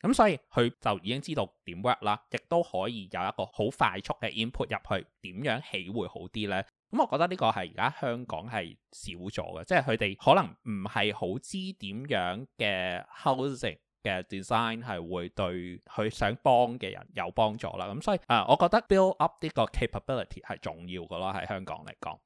咁所以佢就已經知道點 work 啦，亦都可以有一個好快速嘅 input 入去，點樣起會好啲呢？咁我覺得呢個係而家香港係少咗嘅，即係佢哋可能唔係好知點樣嘅 housing 嘅 design 係會對佢想幫嘅人有幫助啦。咁所以啊，我覺得 build up 呢個 capability 係重要㗎咯，喺香港嚟講。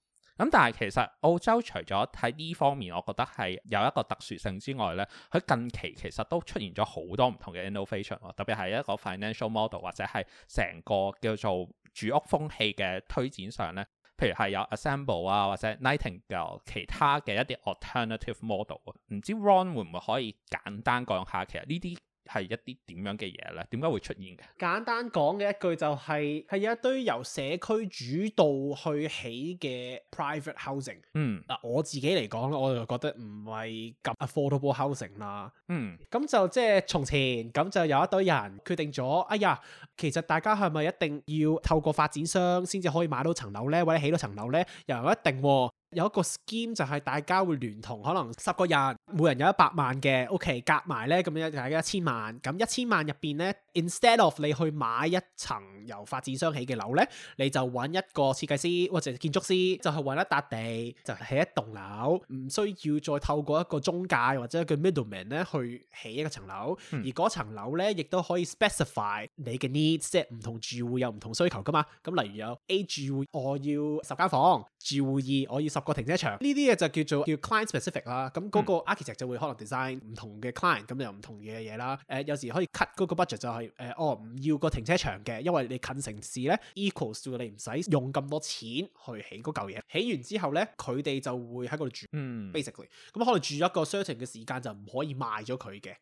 咁但係其實澳洲除咗喺呢方面，我覺得係有一個特殊性之外咧，佢近期其實都出現咗好多唔同嘅 innovation，特別係一個 financial model 或者係成個叫做住屋風氣嘅推展上咧，譬如係有 Assemble 啊或者 Nightingale 嘅其他嘅一啲 alternative model 啊，唔知 Ron 會唔會可以簡單講下其實呢啲？係一啲點樣嘅嘢咧？點解會出現嘅？簡單講嘅一句就係、是，係有一堆由社區主導去起嘅 private housing。嗯，嗱、啊、我自己嚟講咧，我就覺得唔係咁 affordable housing 啦。嗯，咁就即係從前咁就有一堆人決定咗，哎呀，其實大家係咪一定要透過發展商先至可以買到層樓咧，或者起到層樓咧，又有一定。有一個 scheme 就係大家會聯同，可能十個人每人有一百萬嘅，OK，夾埋呢。咁樣就係一千萬。咁一千萬入邊呢 instead of 你去買一層由發展商起嘅樓呢，你就揾一個設計師或者建築師，就係揾一笪地，就起一棟樓，唔需要再透過一個中介或者一個 middleman、嗯、呢去起一個層樓。而嗰層樓呢，亦都可以 specify 你嘅 need，即係唔同住戶有唔同需求噶嘛。咁例如有 A 住戶我要十間房，住戶二我要十。個停車場呢啲嘢就叫做叫 client specific 啦，咁嗰個 architect、嗯、就會可能 design 唔同嘅 client，咁又唔同嘅嘢啦。誒、呃，有時可以 cut 嗰個 budget 就係、是、誒，我、呃、唔、哦、要個停車場嘅，因為你近城市咧，equals to，你唔使用咁多錢去起嗰嚿嘢，起完之後咧，佢哋就會喺嗰度住。嗯。Basically，咁可能住一個 certain 嘅時間就唔可以賣咗佢嘅。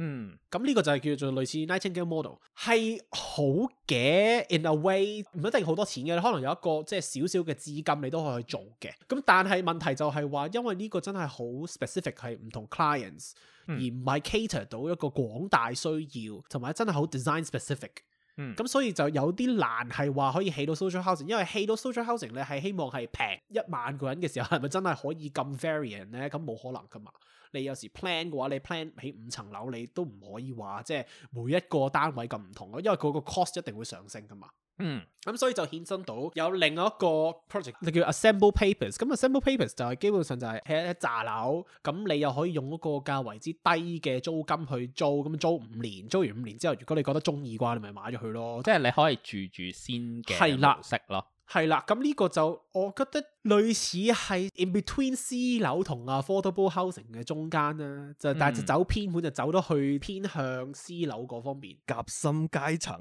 嗯，咁呢個就係叫做類似 Nightingale Model，係好嘅 in a way，唔一定好多錢嘅，可能有一個即係少少嘅資金你都可以去做嘅。咁但係問題就係話，因為呢個真係好 specific，係唔同 clients 而唔係 cater 到一個廣大需要，同埋真係好 design specific。咁、嗯、所以就有啲難係話可以起到 social housing，因為起到 social housing 咧係希望係平一萬個人嘅時候，係咪真係可以咁 variant 咧？咁冇可能噶嘛。你有時 plan 嘅話，你 plan 起五層樓，你都唔可以話即係每一個單位咁唔同咯，因為嗰個 cost 一定會上升噶嘛。嗯，咁所以就衍生到有另外一個 project，就叫 assemble papers。咁 assemble papers 就係基本上就係喺一炸樓，咁你又可以用嗰個價為之低嘅租金去租，咁租五年，租完五年之後，如果你覺得中意嘅話，你咪買咗佢咯。即係你可以住住先嘅模式咯。係啦，咁呢個就我覺得類似係 in between 私樓同啊 affordable housing 嘅中間啦，就、嗯、但係就走偏門就走到去偏向私樓嗰方面。夾心階層，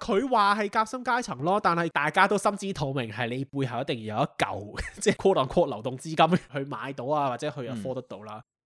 佢話係夾心階層咯，但係大家都心知肚明，係你背後一定要有一嚿即係 quote unquote 流動資金去買到啊，或者去啊 afford 到啦。嗯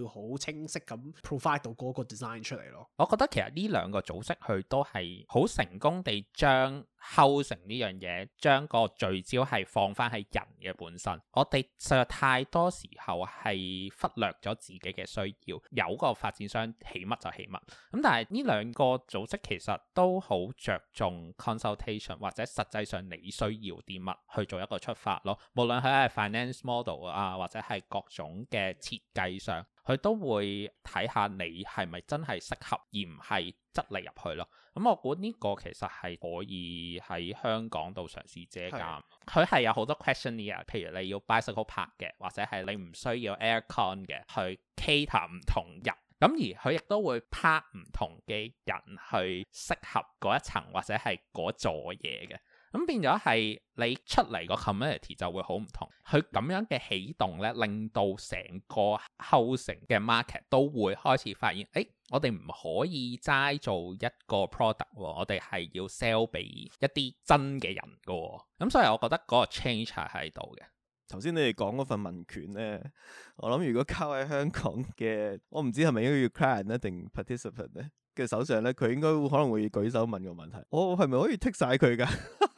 要好清晰咁 provide 到嗰個 design 出嚟咯。我覺得其實，呢兩個組織佢都係好成功地將。構成呢樣嘢，將個聚焦係放翻喺人嘅本身。我哋實在太多時候係忽略咗自己嘅需要，有個發展商起乜就起乜。咁但係呢兩個組織其實都好着重 consultation 或者實際上你需要啲乜去做一個出發咯。無論佢係 finance model 啊，或者係各種嘅設計上，佢都會睇下你係咪真係適合，而唔係。執力入去咯，咁、嗯、我估呢個其實係可以喺香港度嘗試借鑑。佢係的有好多 questionnaire，譬如你要 bicycle park 嘅，或者係你唔需要 aircon 嘅，去 cater 唔同人，咁、嗯、而佢亦都會 part 唔同嘅人去適合嗰一層或者係嗰座嘢嘅。咁變咗係你出嚟個 community 就會好唔同，佢咁樣嘅起動咧，令到成個 housing 嘅 market 都會開始發現，誒，我哋唔可以齋做一個 product 我哋係要 sell 俾一啲真嘅人噶、哦。咁所以，我覺得嗰個 change 係喺度嘅。頭先你哋講嗰份問卷咧，我諗如果交喺香港嘅，我唔知係咪應該要 client 定 participant 咧嘅手上咧，佢應該會可能會舉手問個問題，我係咪可以剔晒佢噶？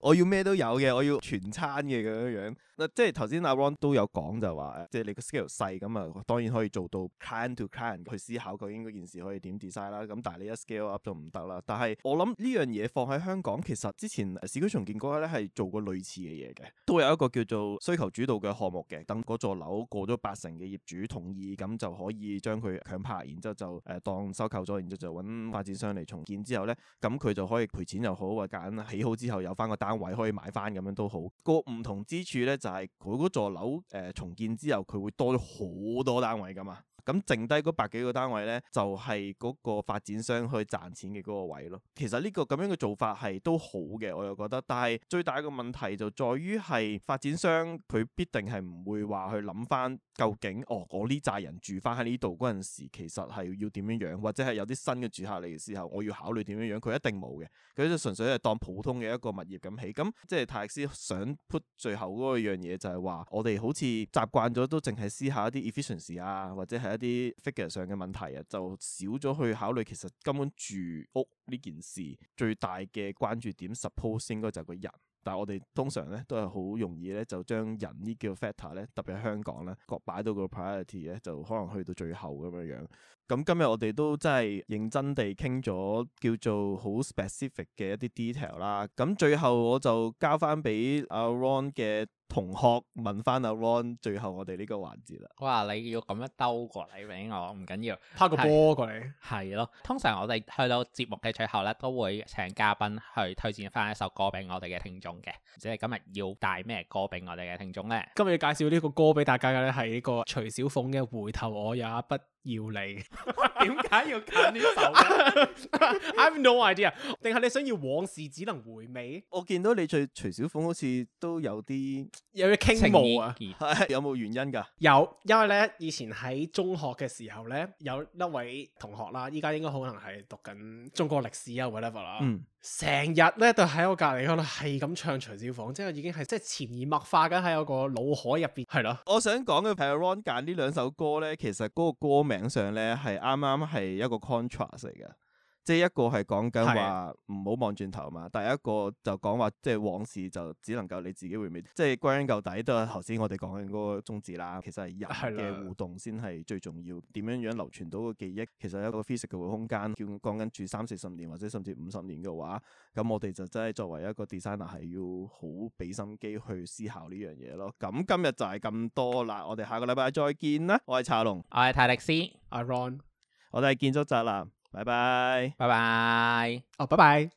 我要咩都有嘅，我要全餐嘅咁樣樣。嗱，即係頭先阿 Ron 都有講就話，誒，即係你個 scale 細咁啊，當然可以做到 client to client 去思考究竟嗰件事可以點 design 啦。咁但係你一 scale up 就唔得啦。但係我諗呢樣嘢放喺香港，其實之前市區重建嗰間咧係做過類似嘅嘢嘅，都有一個叫做需求主導嘅項目嘅。等嗰座樓過咗八成嘅業主同意，咁就可以將佢強拍，然之後就誒當收購咗，然之後就揾發展商嚟重建之後咧，咁佢就可以賠錢又好，或者起好之後有翻個單位可以買翻咁樣都好，個唔同之處咧就係佢嗰座樓誒、呃、重建之後，佢會多咗好多單位噶嘛。咁剩低嗰百幾個單位咧，就係、是、嗰個發展商去賺錢嘅嗰個位咯。其實呢個咁樣嘅做法係都好嘅，我又覺得。但係最大一個問題就在於係發展商佢必定係唔會話去諗翻究竟哦，我呢扎人住翻喺呢度嗰陣時，其實係要點樣樣，或者係有啲新嘅住客嚟嘅時候，我要考慮點樣樣，佢一定冇嘅，佢就純粹係當普通嘅一個物業咁起。咁、嗯、即係泰迪斯想 put 最後嗰個樣嘢，就係話我哋好似習慣咗都淨係思考一啲 efficiency 啊，或者係。啲 figure 上嘅問題啊，就少咗去考慮。其實根本住屋呢件事最大嘅關注點，suppose 應該就係個人。但係我哋通常咧都係好容易咧就將人呢叫 factor 咧，特別喺香港咧，各擺到個 priority 咧，就可能去到最後咁樣樣。咁今日我哋都真係認真地傾咗叫做好 specific 嘅一啲 detail 啦。咁最後我就交翻俾阿 Ron 嘅。同學問翻阿 Ron，最後我哋呢個環節啦。哇！你要咁樣兜過嚟俾我，唔緊要，拍個波過嚟。係咯，通常我哋去到節目嘅最後咧，都會請嘉賓去推薦翻一首歌俾我哋嘅聽眾嘅。即係今日要帶咩歌俾我哋嘅聽眾咧？今日要介紹呢個歌俾大家嘅咧，係呢個徐小鳳嘅《回頭我也不》要你。點解要揀呢首？I have no idea。定係你想要往事只能回味？我見到你最徐小鳳好似都有啲有啲傾慕啊， 有冇原因噶？有，因為咧以前喺中學嘅時候咧有一位同學啦，依家應該可能係讀緊中國歷史啊 whatever 啦。嗯成日咧都喺我隔籬嗰度係咁唱徐小鳳，即係已經係即係潛移默化咁喺我個腦海入邊，係咯。我想講嘅譬如 Ron 揀呢兩首歌咧，其實嗰個歌名上咧係啱啱係一個 contrast 嚟㗎。即係一個係講緊話唔好望轉頭嘛，第的一個就講話即係往事就只能夠你自己回味。即係歸根究底都係頭先我哋講緊嗰個宗旨啦。其實係人嘅互動先係最重要。點樣的樣流傳到個記憶，其實一個 physical 嘅空間要講緊住三四十年或者甚至五十年嘅話，咁我哋就真係作為一個 designer 係要好俾心機去思考呢樣嘢咯。咁今日就係咁多啦，我哋下個禮拜再見啦。我係查龍，我係泰迪斯，阿、啊、Ron，我哋係建築宅男。拜拜，拜拜，哦，拜拜。